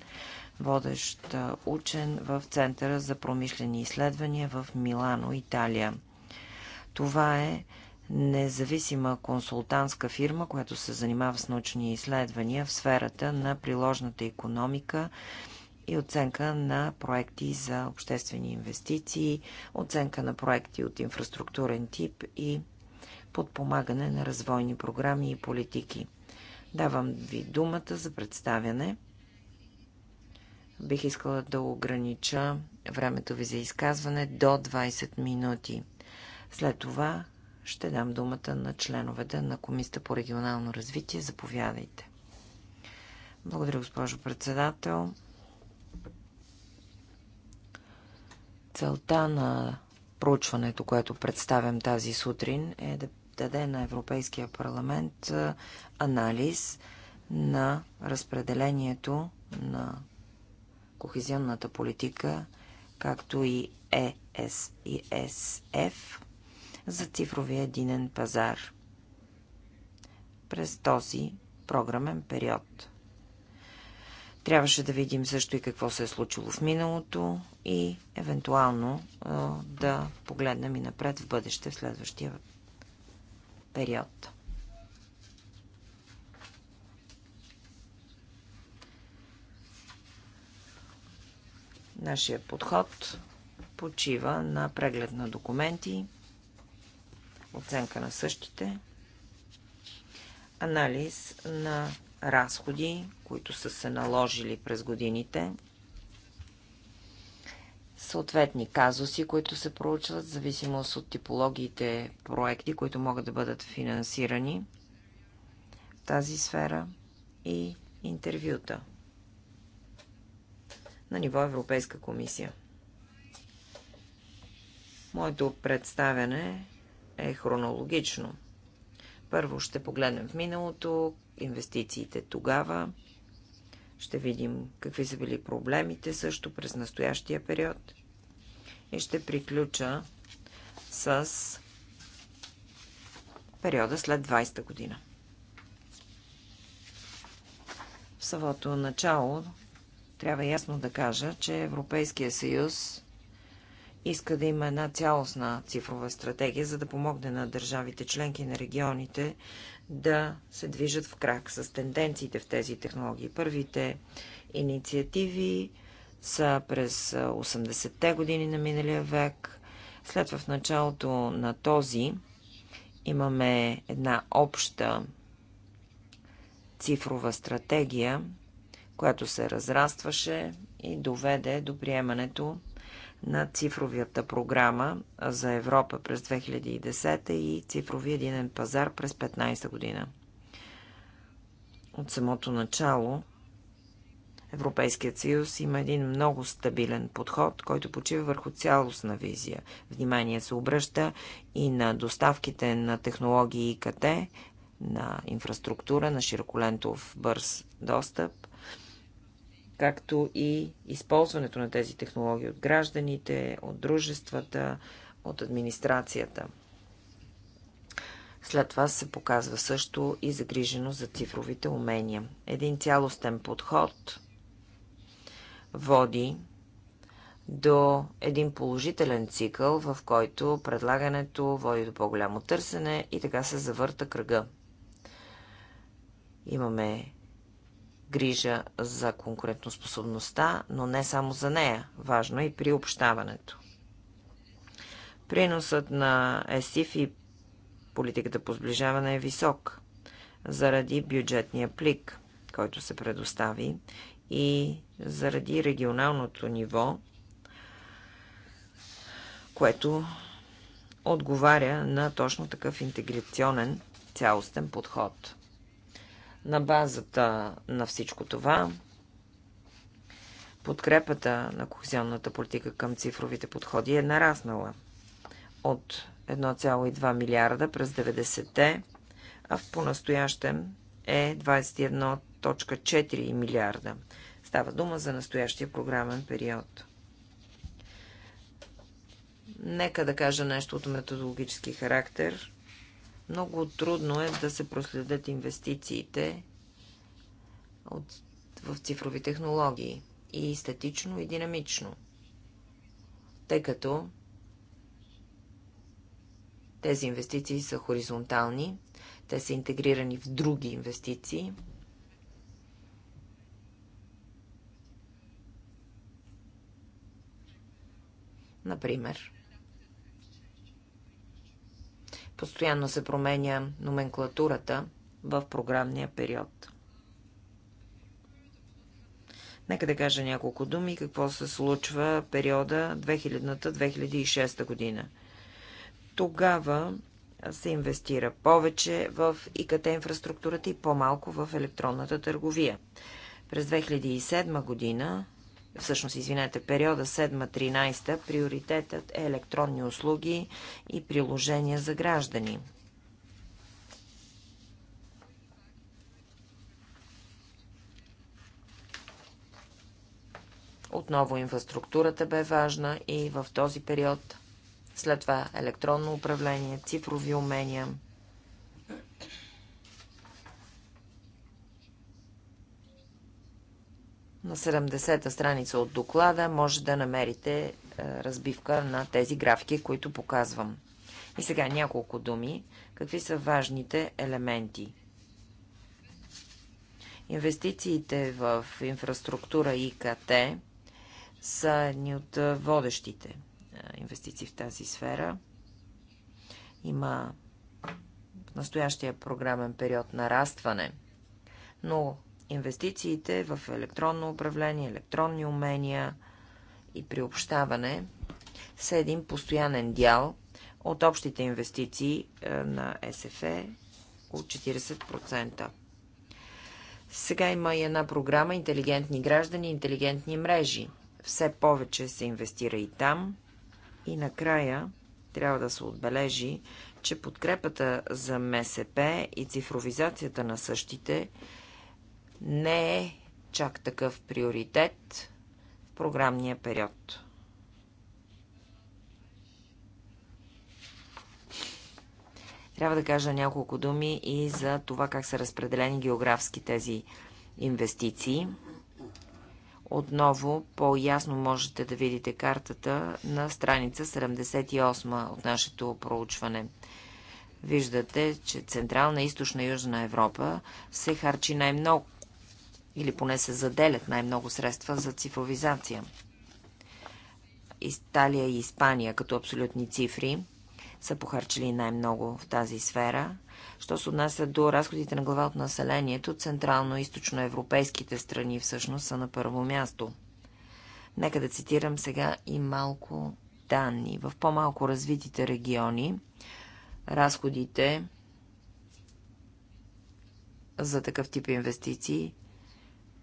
водещ учен в Центъра за промишлени изследвания в Милано, Италия. Това е независима консултантска фирма, която се занимава с научни изследвания в сферата на приложната економика и оценка на проекти за обществени инвестиции, оценка на проекти от инфраструктурен тип и подпомагане на развойни програми и политики. Давам ви думата за представяне. Бих искала да огранича времето ви за изказване до 20 минути. След това ще дам думата на членовете на Комисията по регионално развитие. Заповядайте. Благодаря, госпожо председател. Целта на проучването, което представям тази сутрин, е да даде на Европейския парламент анализ на разпределението на кохезионната политика, както и ЕС и СФ за цифровия единен пазар през този програмен период. Трябваше да видим също и какво се е случило в миналото и евентуално да погледнем и напред в бъдеще в следващия период. Нашия подход почива на преглед на документи, оценка на същите, анализ на разходи, които са се наложили през годините, съответни казуси, които се проучват, в зависимост от типологиите проекти, които могат да бъдат финансирани в тази сфера и интервюта на ниво Европейска комисия. Моето представяне е хронологично. Първо ще погледнем в миналото инвестициите тогава. Ще видим какви са били проблемите също през настоящия период. И ще приключа с периода след 20-та година. В самото начало трябва ясно да кажа, че Европейския съюз иска да има една цялостна цифрова стратегия, за да помогне на държавите членки на регионите да се движат в крак с тенденциите в тези технологии. Първите инициативи са през 80-те години на миналия век. След в началото на този имаме една обща цифрова стратегия, която се разрастваше и доведе до приемането на цифровията програма за Европа през 2010 и цифрови единен пазар през 15 година. От самото начало Европейският съюз има един много стабилен подход, който почива върху цялостна визия. Внимание се обръща и на доставките на технологии ИКТ, на инфраструктура, на широколентов бърз достъп, както и използването на тези технологии от гражданите, от дружествата, от администрацията. След това се показва също и загриженост за цифровите умения. Един цялостен подход води до един положителен цикъл, в който предлагането води до по-голямо търсене и така се завърта кръга. Имаме грижа за конкурентоспособността, но не само за нея. Важно е и при общаването. Приносът на ЕСИФ и политиката по сближаване е висок заради бюджетния плик, който се предостави и заради регионалното ниво, което отговаря на точно такъв интеграционен цялостен подход. На базата на всичко това, подкрепата на кохезионната политика към цифровите подходи е нараснала от 1,2 милиарда през 90-те, а в понастоящем е 21,4 милиарда. Става дума за настоящия програмен период. Нека да кажа нещо от методологически характер – много трудно е да се проследят инвестициите от, в цифрови технологии и статично и динамично, тъй като тези инвестиции са хоризонтални, те са интегрирани в други инвестиции. Например, Постоянно се променя номенклатурата в програмния период. Нека да кажа няколко думи какво се случва периода 2000-2006 година. Тогава се инвестира повече в ИКТ инфраструктурата и по-малко в електронната търговия. През 2007 година всъщност, извинете, периода 7-13, приоритетът е електронни услуги и приложения за граждани. Отново инфраструктурата бе важна и в този период. След това електронно управление, цифрови умения – На 70-та страница от доклада може да намерите е, разбивка на тези графики, които показвам. И сега няколко думи. Какви са важните елементи? Инвестициите в инфраструктура и ИКТ са едни от е, водещите е, инвестиции в тази сфера. Има в настоящия програмен период нарастване, но инвестициите в електронно управление, електронни умения и приобщаване са един постоянен дял от общите инвестиции е, на СФЕ от 40%. Сега има и една програма Интелигентни граждани, интелигентни мрежи. Все повече се инвестира и там. И накрая трябва да се отбележи, че подкрепата за МСП и цифровизацията на същите – не е чак такъв приоритет в програмния период. Трябва да кажа няколко думи и за това как са разпределени географски тези инвестиции. Отново по-ясно можете да видите картата на страница 78 от нашето проучване. Виждате, че Централна, Източна и Южна Европа се харчи най-много или поне се заделят най-много средства за цифровизация. Италия и Испания като абсолютни цифри са похарчили най-много в тази сфера. Що се отнася до разходите на глава от населението, централно и източно европейските страни всъщност са на първо място. Нека да цитирам сега и малко данни. В по-малко развитите региони разходите за такъв тип инвестиции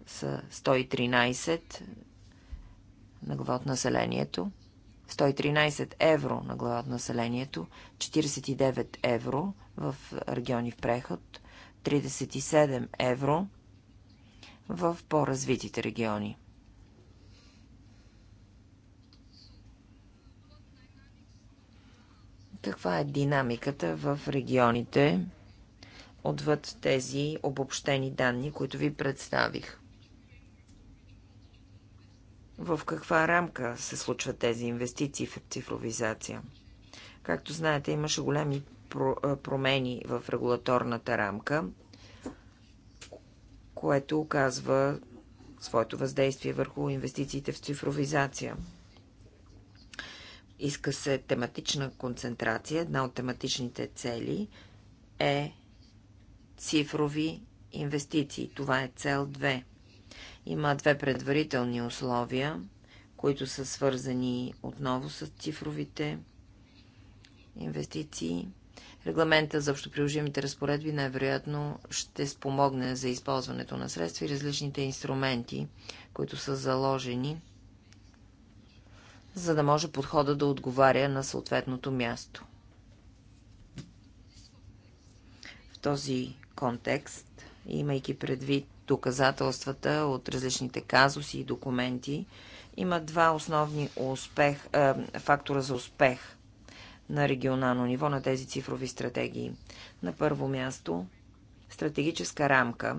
са 113 на глава от населението, 113 евро на глава от населението, 49 евро в региони в преход, 37 евро в по-развитите региони. Каква е динамиката в регионите отвъд тези обобщени данни, които ви представих? в каква рамка се случват тези инвестиции в цифровизация. Както знаете, имаше големи промени в регулаторната рамка, което оказва своето въздействие върху инвестициите в цифровизация. Иска се тематична концентрация. Една от тематичните цели е цифрови инвестиции. Това е цел 2. Има две предварителни условия, които са свързани отново с цифровите инвестиции. Регламента за общоприложимите разпоредби най-вероятно ще спомогне за използването на средства и различните инструменти, които са заложени, за да може подхода да отговаря на съответното място. В този контекст, имайки предвид доказателствата от различните казуси и документи, има два основни успех, е, фактора за успех на регионално ниво на тези цифрови стратегии. На първо място стратегическа рамка,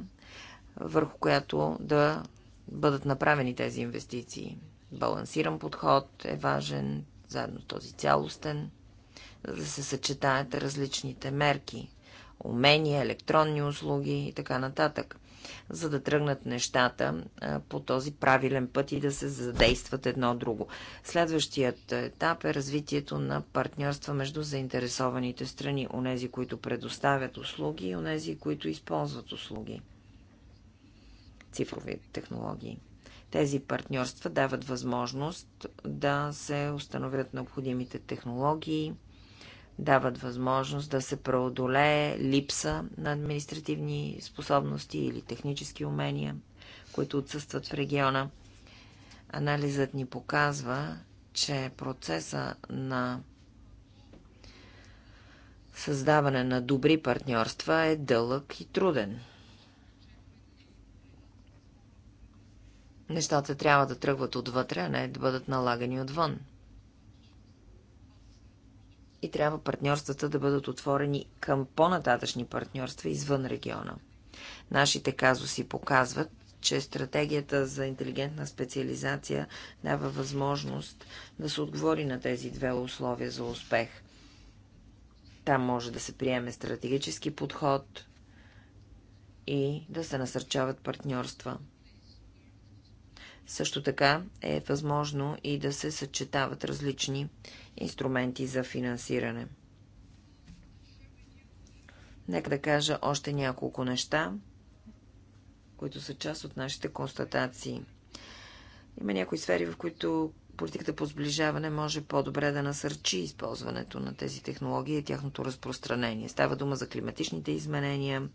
върху която да бъдат направени тези инвестиции. Балансиран подход е важен, заедно с този цялостен, за да се съчетаят различните мерки, умения, електронни услуги и така нататък за да тръгнат нещата по този правилен път и да се задействат едно друго. Следващият етап е развитието на партньорства между заинтересованите страни, онези, които предоставят услуги и онези, които използват услуги. Цифрови технологии. Тези партньорства дават възможност да се установят необходимите технологии, дават възможност да се преодолее липса на административни способности или технически умения, които отсъстват в региона. Анализът ни показва, че процеса на създаване на добри партньорства е дълъг и труден. Нещата трябва да тръгват отвътре, а не да бъдат налагани отвън и трябва партньорствата да бъдат отворени към по-нататъчни партньорства извън региона. Нашите казуси показват, че стратегията за интелигентна специализация дава възможност да се отговори на тези две условия за успех. Там може да се приеме стратегически подход и да се насърчават партньорства. Също така е възможно и да се съчетават различни инструменти за финансиране. Нека да кажа още няколко неща, които са част от нашите констатации. Има някои сфери, в които политиката по сближаване може по-добре да насърчи използването на тези технологии и тяхното разпространение. Става дума за климатичните изменения,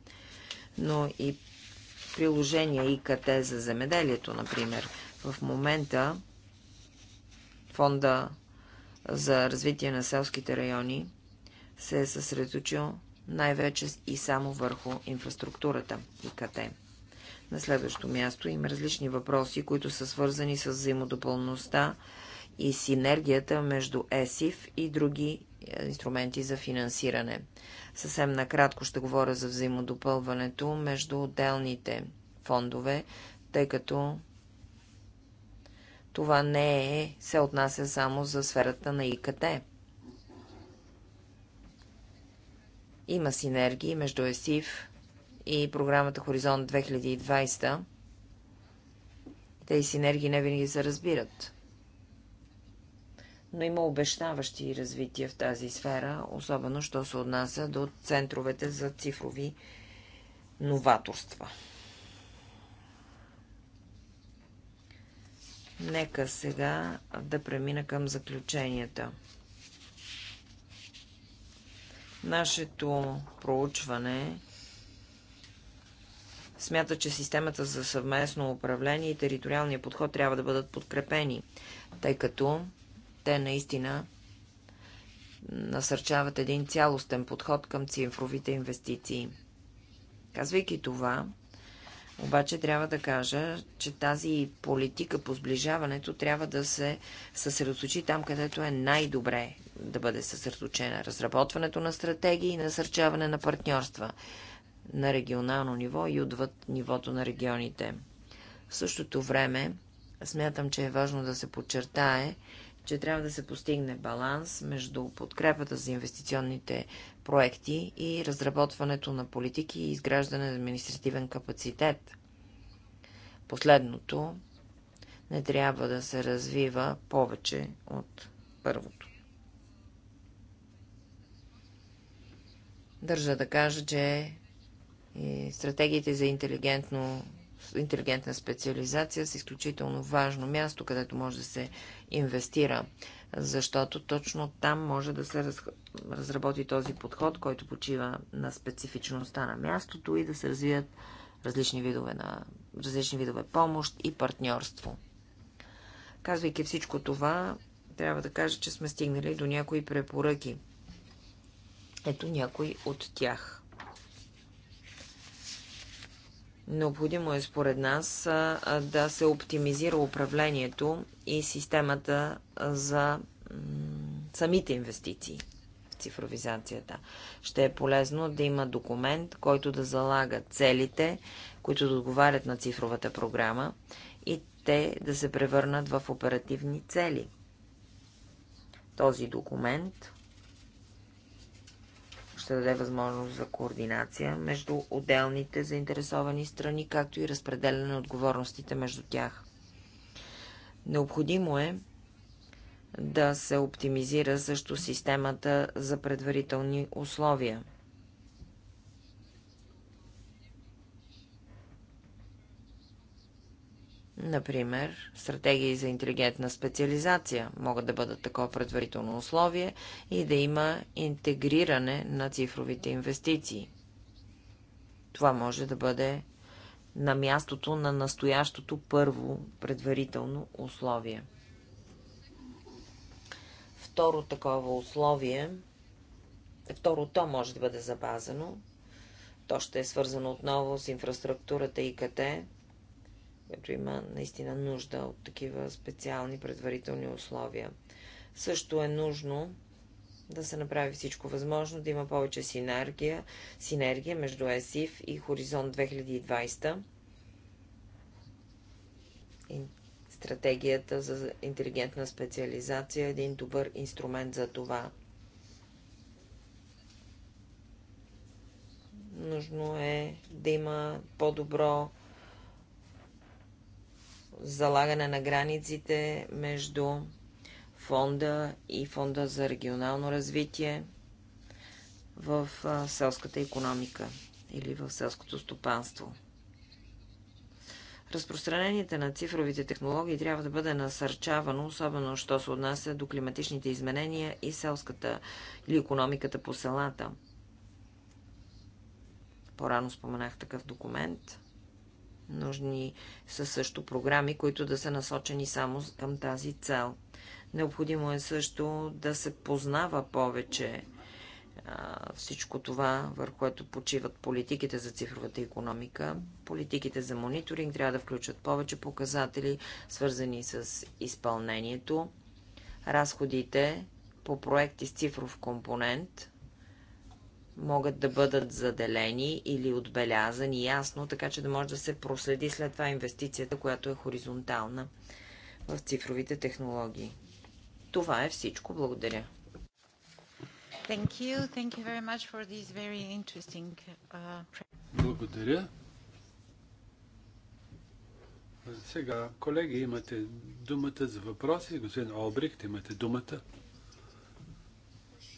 но и приложения ИКТ за земеделието, например. В момента фонда за развитие на селските райони се е съсредоточил най-вече и само върху инфраструктурата и КТ. На следващо място има различни въпроси, които са свързани с взаимодопълността и синергията между ЕСИФ и други е, инструменти за финансиране. Съвсем накратко ще говоря за взаимодопълването между отделните фондове, тъй като това не е, се отнася само за сферата на ИКТ. Има синергии между ЕСИФ и програмата Хоризонт 2020. Тези синергии не винаги се разбират. Но има обещаващи развития в тази сфера, особено що се отнася до центровете за цифрови новаторства. Нека сега да премина към заключенията. Нашето проучване смята, че системата за съвместно управление и териториалния подход трябва да бъдат подкрепени, тъй като те наистина насърчават един цялостен подход към цифровите инвестиции. Казвайки това, обаче трябва да кажа, че тази политика по сближаването трябва да се съсредоточи там, където е най-добре да бъде съсредоточена. Разработването на стратегии и насърчаване на партньорства на регионално ниво и отвъд нивото на регионите. В същото време смятам, че е важно да се подчертае, че трябва да се постигне баланс между подкрепата за инвестиционните проекти и разработването на политики и изграждане на административен капацитет. Последното не трябва да се развива повече от първото. Държа да кажа, че и стратегиите за интелигентно, интелигентна специализация са изключително важно място, където може да се инвестира, защото точно там може да се раз... разработи този подход, който почива на специфичността на мястото и да се развият различни видове, на... различни видове помощ и партньорство. Казвайки всичко това, трябва да кажа, че сме стигнали до някои препоръки. Ето някои от тях. Необходимо е според нас да се оптимизира управлението и системата за самите инвестиции в цифровизацията. Ще е полезно да има документ, който да залага целите, които да отговарят на цифровата програма и те да се превърнат в оперативни цели. Този документ ще даде възможност за координация между отделните заинтересовани страни, както и разпределяне на отговорностите между тях. Необходимо е да се оптимизира също системата за предварителни условия. Например, стратегии за интелигентна специализация могат да бъдат такова предварително условие и да има интегриране на цифровите инвестиции. Това може да бъде на мястото на настоящото първо предварително условие. Второ такова условие, второто може да бъде запазено. То ще е свързано отново с инфраструктурата ИКТ, което има наистина нужда от такива специални предварителни условия. Също е нужно да се направи всичко възможно, да има повече синергия, синергия между ЕСИФ и Хоризонт 2020 и стратегията за интелигентна специализация е един добър инструмент за това. Нужно е да има по-добро залагане на границите между фонда и фонда за регионално развитие в селската економика или в селското стопанство. Разпространението на цифровите технологии трябва да бъде насърчавано, особено що се отнася до климатичните изменения и селската или економиката по селата. По-рано споменах такъв документ. Нужни са също програми, които да са насочени само към тази цел. Необходимо е също да се познава повече всичко това, върху което почиват политиките за цифровата економика. Политиките за мониторинг трябва да включат повече показатели, свързани с изпълнението, разходите по проекти с цифров компонент, могат да бъдат заделени или отбелязани ясно, така че да може да се проследи след това инвестицията, която е хоризонтална в цифровите технологии. Това е всичко. Благодаря. Thank you. Thank you very much for this very interesting, uh... Благодаря. Сега, колеги, имате думата за въпроси. Господин Олбрихт, имате думата.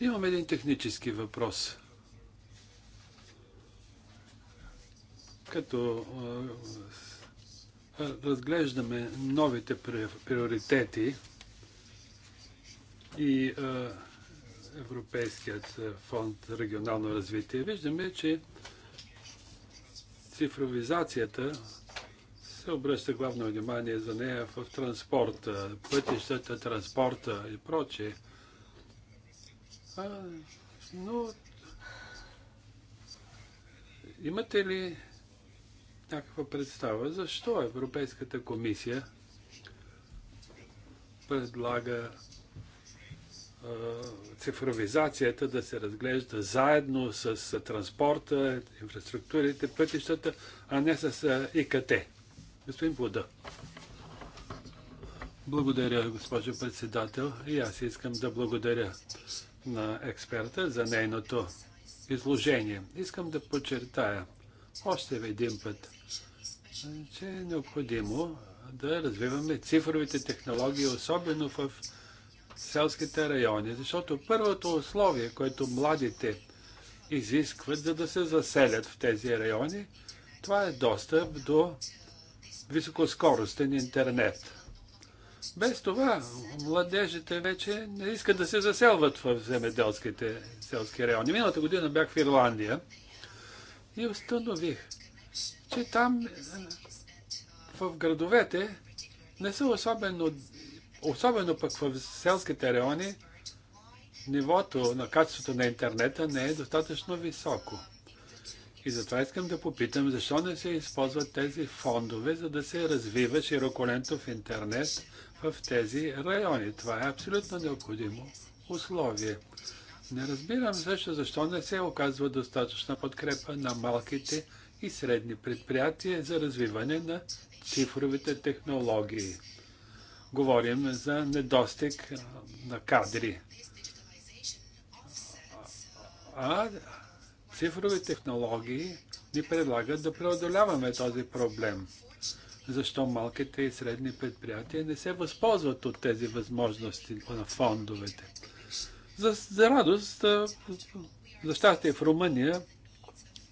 Имам един технически въпрос. като разглеждаме новите приоритети и Европейският фонд регионално развитие, виждаме, че цифровизацията се обръща главно внимание за нея в транспорта, пътищата, транспорта и прочее. но имате ли някаква представа защо Европейската комисия предлага цифровизацията да се разглежда заедно с транспорта, инфраструктурите, пътищата, а не с ИКТ. Господин Буда. Благодаря, госпожо председател. И аз искам да благодаря на експерта за нейното изложение. Искам да подчертая още един път, че е необходимо да развиваме цифровите технологии, особено в селските райони, защото първото условие, което младите изискват, за да се заселят в тези райони, това е достъп до високоскоростен интернет. Без това младежите вече не искат да се заселват в земеделските селски райони. Миналата година бях в Ирландия и установих, че там в градовете не са особено, особено пък в селските райони, нивото на качеството на интернета не е достатъчно високо. И затова искам да попитам, защо не се използват тези фондове, за да се развива широколентов интернет в тези райони. Това е абсолютно необходимо условие. Не разбирам също защо не се оказва достатъчна подкрепа на малките и средни предприятия за развиване на цифровите технологии. Говорим за недостиг на кадри. А цифрови технологии ни предлагат да преодоляваме този проблем. Защо малките и средни предприятия не се възползват от тези възможности на фондовете? За, за радост, за щастие в Румъния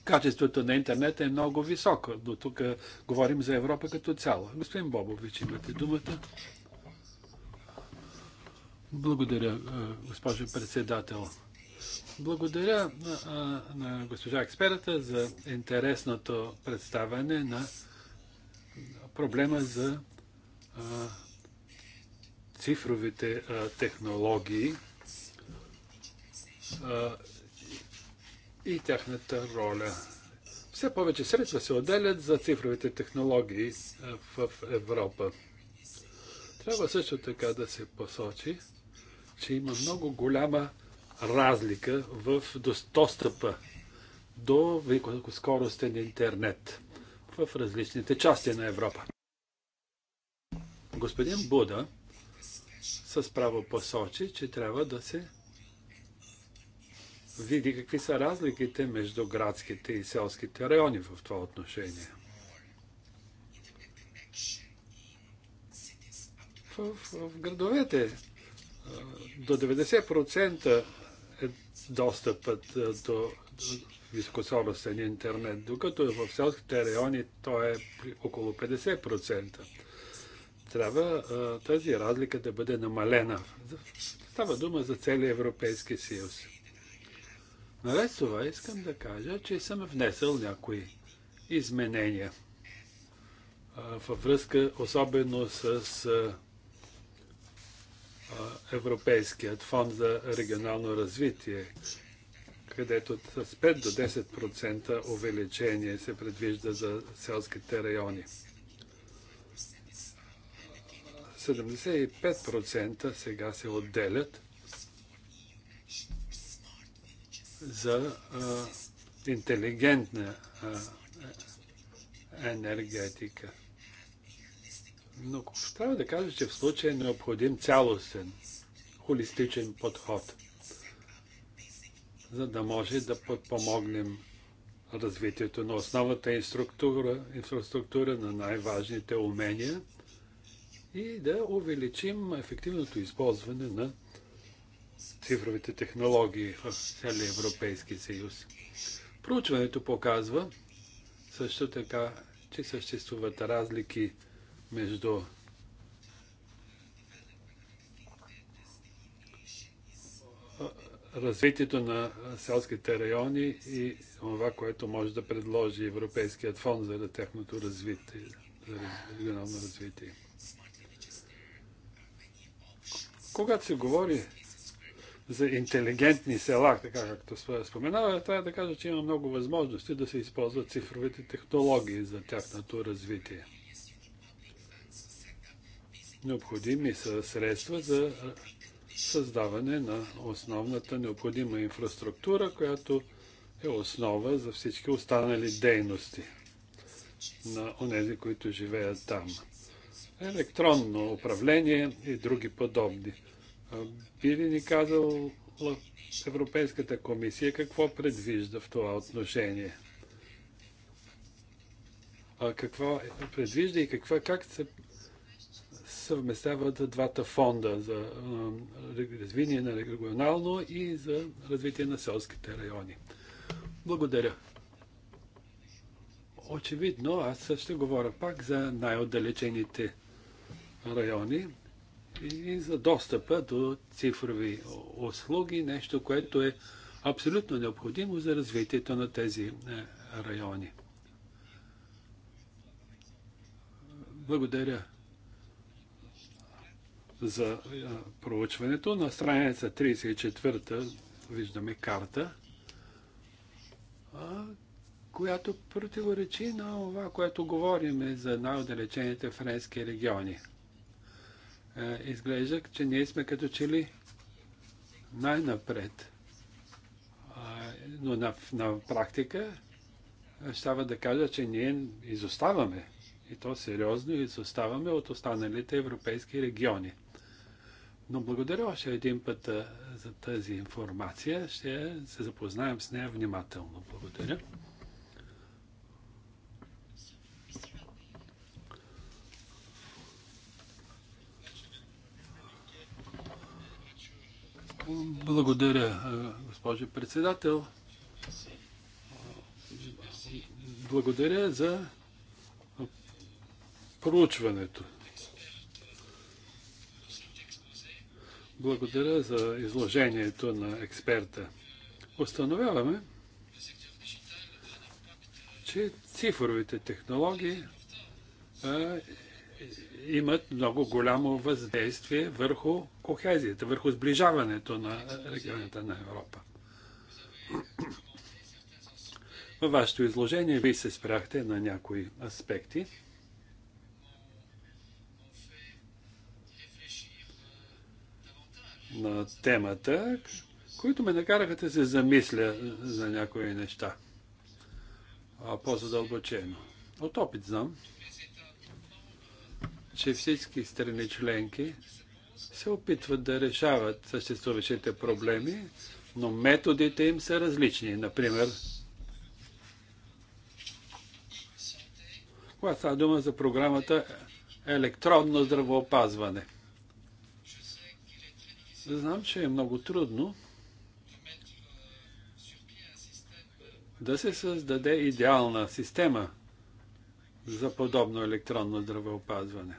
качеството на интернет е много високо, но тук говорим за Европа като цяло. Господин Бобович, имате думата. Благодаря, е, госпожо председател. Благодаря на, е, е, на госпожа експерта за интересното представяне на проблема за а, цифровите а, технологии а, и тяхната роля. Все повече средства се отделят за цифровите технологии е, в Европа. Трябва също така да се посочи, че има много голяма разлика в достъпа до високоскоростен интернет в различните части на Европа. Господин Буда с право посочи, че трябва да се види какви са разликите между градските и селските райони в това отношение. В, в градовете до 90% е достъпът до високоскоростен интернет, докато в селските райони то е около 50%. Трябва тази разлика да бъде намалена. Става дума за целия Европейски съюз. Наред с това искам да кажа, че съм внесъл някои изменения във връзка особено с Европейският фонд за регионално развитие, където с 5 до 10% увеличение се предвижда за селските райони. 75% сега се отделят за а, интелигентна а, е, енергетика. Но трябва да кажа, че в случая е необходим цялостен, холистичен подход, за да може да подпомогнем развитието на основната инструктура, инфраструктура на най-важните умения и да увеличим ефективното използване на цифровите технологии в целия Европейски съюз. Проучването показва също така, че съществуват разлики между развитието на селските райони и това, което може да предложи Европейският фонд за техното развитие, за регионално развитие. Когато се говори за интелигентни села, така както споменава, трябва да кажа, че има много възможности да се използват цифровите технологии за тяхното развитие. Необходими са средства за създаване на основната необходима инфраструктура, която е основа за всички останали дейности на онези, които живеят там. Електронно управление и други подобни. Би ли ни казал Европейската комисия какво предвижда в това отношение? А какво е, предвижда и каква, как се съвместяват двата фонда за развитие на регионално и за развитие на селските райони? Благодаря. Очевидно, аз ще говоря пак за най-отдалечените райони и за достъпа до цифрови услуги, нещо, което е абсолютно необходимо за развитието на тези е, райони. Благодаря за е, проучването. На страница 34 виждаме карта, която противоречи на това, което говорим за най-отдалечените френски региони. Е, изглежда, че ние сме като че ли най-напред. Но на, на практика става е, да кажа, че ние изоставаме. И то сериозно изоставаме от останалите европейски региони. Но благодаря още един път е, за тази информация. Ще се запознаем с нея внимателно. Благодаря. Благодаря, госпожо председател. Благодаря за проучването. Благодаря за изложението на експерта. Установяваме, че цифровите технологии имат много голямо въздействие върху кохезията, върху сближаването на регионите на Европа. Във вашето изложение ви се спряхте на някои аспекти. на темата, които ме накараха да се замисля за някои неща. По-задълбочено. От опит знам, че всички страни членки се опитват да решават съществуващите проблеми, но методите им са различни. Например, когато става дума за програмата електронно здравоопазване. Знам, че е много трудно да се създаде идеална система – за подобно електронно здравеопазване.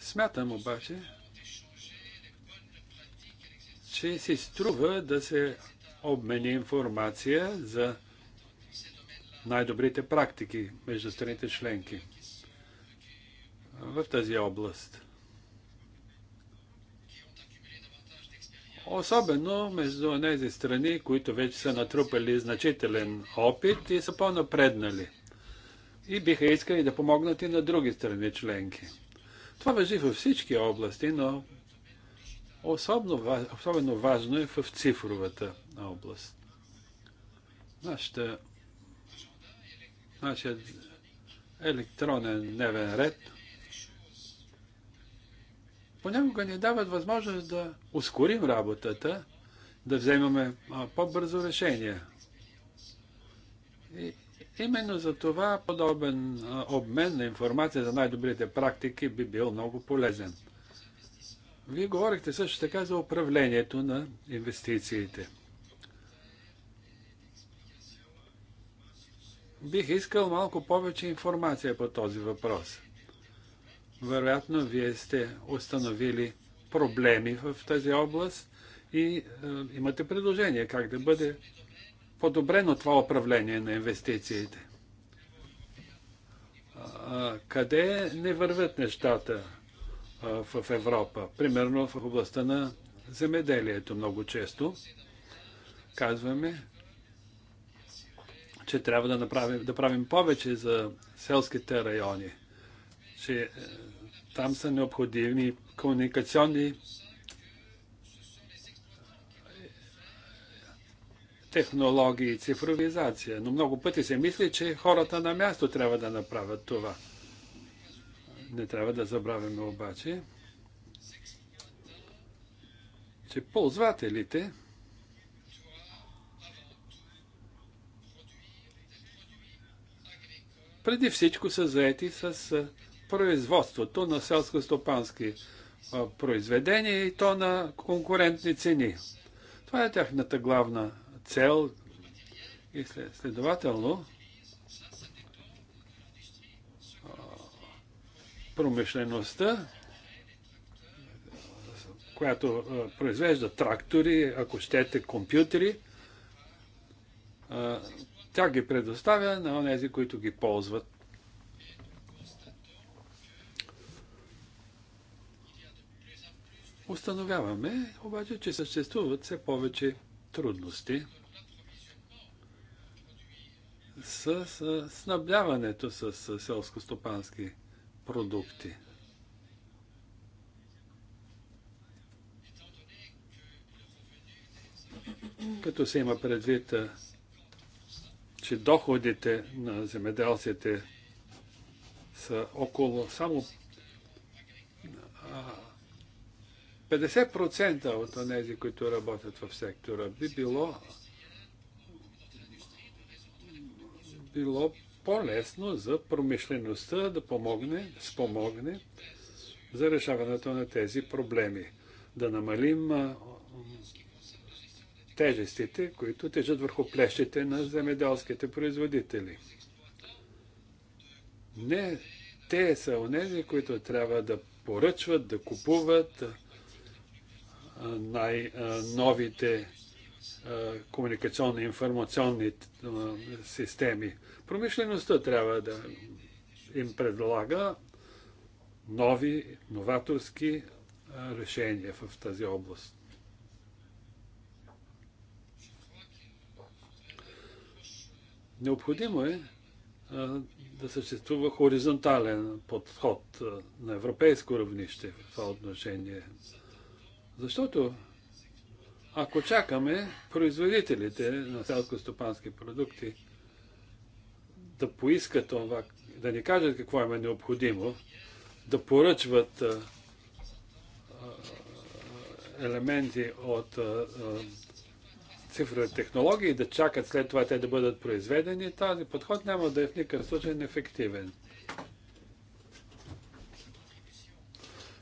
Смятам обаче, че си струва да се обмени информация за най-добрите практики между страните членки в тази област. Особено между тези страни, които вече са натрупали значителен опит и са по-напреднали. И биха искали да помогнат и на други страни членки. Това въжи във всички области, но особено, особено важно е в цифровата област. Нашата, нашият електронен дневен ред – понякога ни дават възможност да ускорим работата, да вземаме по-бързо решение. И именно за това подобен обмен на информация за най-добрите практики би бил много полезен. Вие говорихте също така за управлението на инвестициите. Бих искал малко повече информация по този въпрос. Вероятно, вие сте установили проблеми в тази област и е, имате предложение как да бъде подобрено това управление на инвестициите. А, къде не вървят нещата а, в Европа? Примерно в областта на земеделието много често казваме, че трябва да, направим, да правим повече за селските райони – че е, там са необходими комуникационни е, технологии и цифровизация. Но много пъти се мисли, че хората на място трябва да направят това. Не трябва да забравяме обаче, че ползвателите преди всичко са заети с е, производството на селско-стопански произведения и то на конкурентни цени. Това е тяхната главна цел и следователно промишлеността, която произвежда трактори, ако щете компютри, тя ги предоставя на тези, които ги ползват Установяваме обаче, че съществуват все повече трудности с снабдяването с селско-стопански продукти. Като се има предвид, че доходите на земеделците са около само 50% от тези, които работят в сектора, би било, било по-лесно за промишлеността да помогне, спомогне за решаването на тези проблеми. Да намалим тежестите, които тежат върху плещите на земеделските производители. Не те са онези, които трябва да поръчват, да купуват, най-новите комуникационни, информационни системи. Промишлеността трябва да им предлага нови, новаторски решения в тази област. Необходимо е да съществува хоризонтален подход на европейско равнище в това отношение. Защото ако чакаме производителите на селско-стопански продукти да поискат това, да ни кажат какво им е необходимо, да поръчват а, а, елементи от а, цифрови технологии, да чакат след това те да бъдат произведени, тази подход няма да е в никакъв случай неефективен.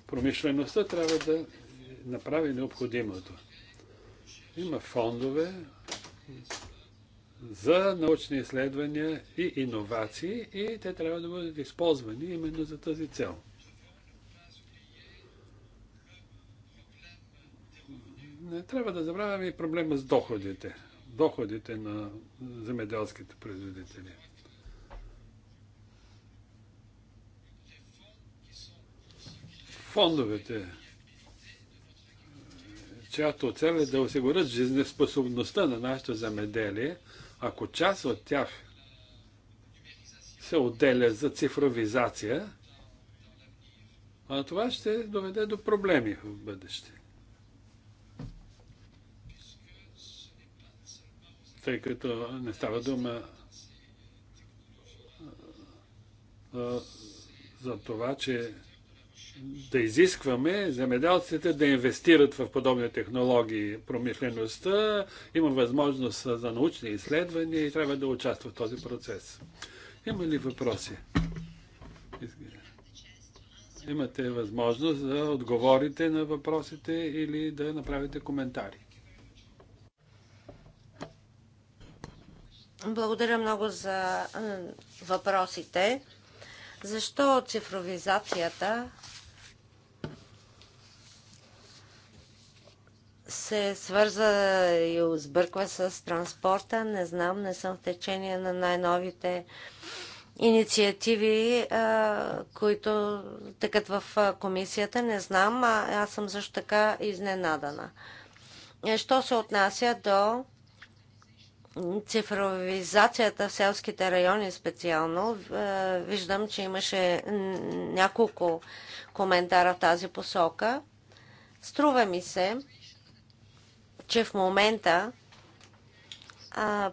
Промишлеността трябва да направи необходимото. Има фондове за научни изследвания и иновации и те трябва да бъдат използвани именно за тази цел. Не трябва да забравяме и проблема с доходите. Доходите на земеделските производители. Фондовете, чиято цел е да осигурят жизнеспособността на нашето земеделие, ако част от тях се отделя за цифровизация, а това ще доведе до проблеми в бъдеще. Тъй като не става дума за това, че да изискваме земеделците да инвестират в подобни технологии промишлеността. Има възможност за научни изследвания и трябва да участва в този процес. Има ли въпроси? Имате възможност да отговорите на въпросите или да направите коментари. Благодаря много за въпросите. Защо цифровизацията се свърза и сбърква с транспорта. Не знам, не съм в течение на най-новите инициативи, които тъкат в комисията. Не знам, а аз съм също така изненадана. Е, що се отнася до цифровизацията в селските райони специално, е, виждам, че имаше няколко коментара в тази посока. Струва ми се, че в момента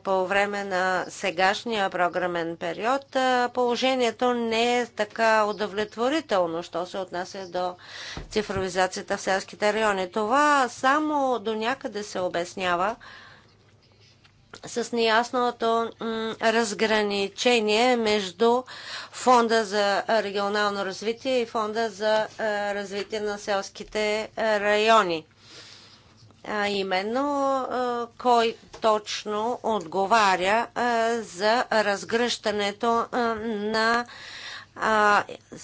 по време на сегашния програмен период положението не е така удовлетворително, що се отнася до цифровизацията в селските райони. Това само до някъде се обяснява с неясното разграничение между Фонда за регионално развитие и Фонда за развитие на селските райони а именно кой точно отговаря за разгръщането на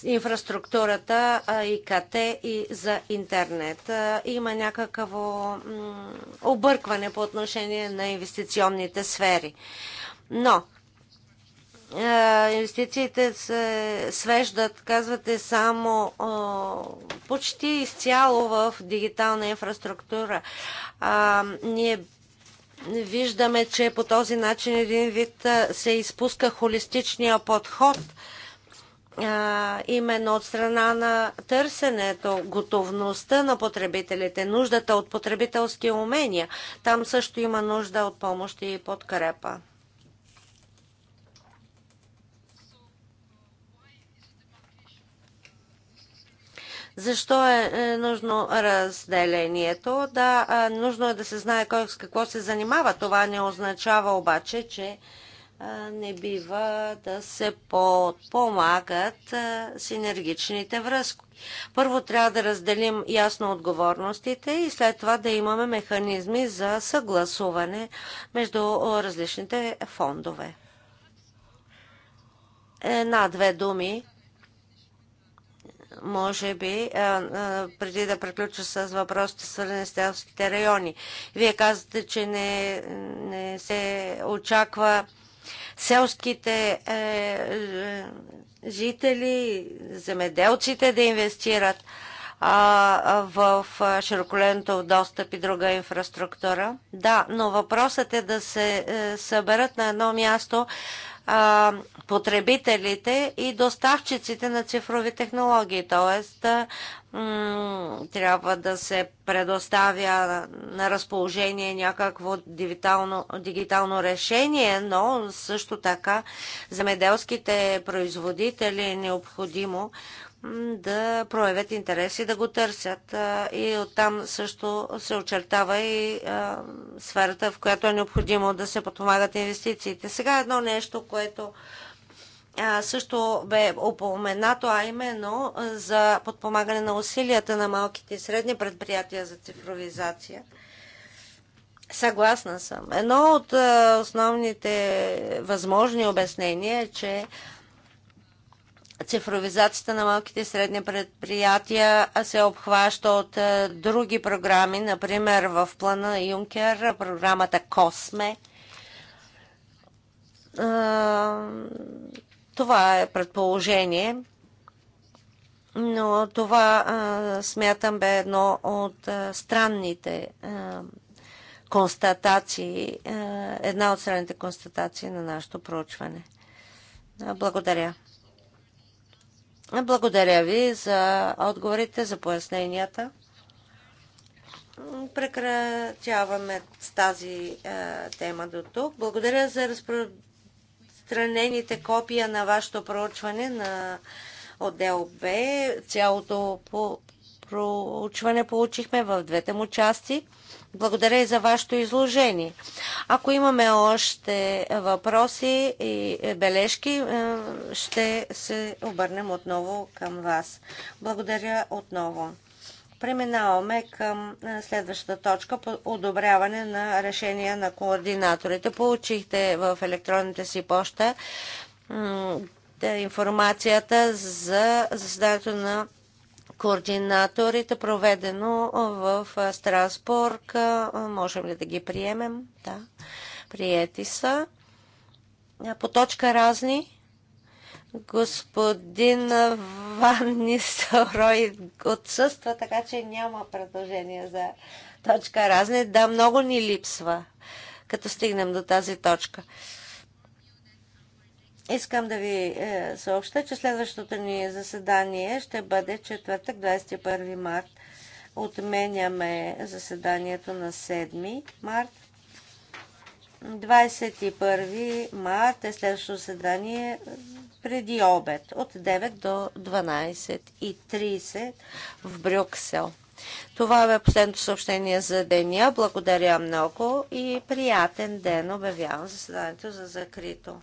инфраструктурата ИКТ и за интернет. Има някакво объркване по отношение на инвестиционните сфери. Но инвестициите се свеждат, казвате, само почти изцяло в дигитална инфраструктура. ние виждаме, че по този начин един вид се изпуска холистичния подход именно от страна на търсенето, готовността на потребителите, нуждата от потребителски умения. Там също има нужда от помощ и подкрепа. Защо е, е нужно разделението? Да, е, нужно е да се знае кой с какво се занимава. Това не означава обаче, че е, не бива да се подпомагат синергичните връзки. Първо трябва да разделим ясно отговорностите и след това да имаме механизми за съгласуване между различните фондове. Една-две думи може би, преди да приключа с въпросите, свързани с селските райони. Вие казвате, че не, не се очаква селските е, жители, земеделците да инвестират а, в широколенто достъп и друга инфраструктура. Да, но въпросът е да се е, съберат на едно място а, потребителите и доставчиците на цифрови технологии. Тоест, а, трябва да се предоставя на разположение някакво дигитално, дигитално решение, но също така земеделските производители е необходимо да проявят интерес и да го търсят. И оттам също се очертава и сферата, в която е необходимо да се подпомагат инвестициите. Сега едно нещо, което също бе упоменато, а именно за подпомагане на усилията на малките и средни предприятия за цифровизация. Съгласна съм. Едно от основните възможни обяснения е, че цифровизацията на малките и средни предприятия се обхваща от е, други програми, например в плана Юнкер, програмата Косме. Е, това е предположение, но това е, смятам бе едно от странните констатации, една от странните констатации на нашето проучване. Благодаря. Благодаря ви за отговорите, за поясненията. Прекратяваме с тази е, тема до тук. Благодаря за разпространените копия на вашето проучване на отдел Б. Цялото по проучване получихме в двете му части. Благодаря и за вашето изложение. Ако имаме още въпроси и бележки, е, ще се обърнем отново към вас. Благодаря отново. Преминаваме към е, следващата точка по одобряване на решения на координаторите. Получихте в електронните си поща информацията за заседанието на координаторите, проведено в Страсбург. Можем ли да ги приемем? Да. Приети са. По точка разни. Господин Ван Нисорой отсъства, така че няма предложение за точка разни. Да, много ни липсва, като стигнем до тази точка. Искам да ви е, съобща, че следващото ни заседание ще бъде четвъртък, 21 март. Отменяме заседанието на 7 март. 21 март е следващото заседание е, преди обед от 9 до 12.30 в Брюксел. Това е последното съобщение за деня. Благодаря много и приятен ден. Обявявам заседанието за закрито.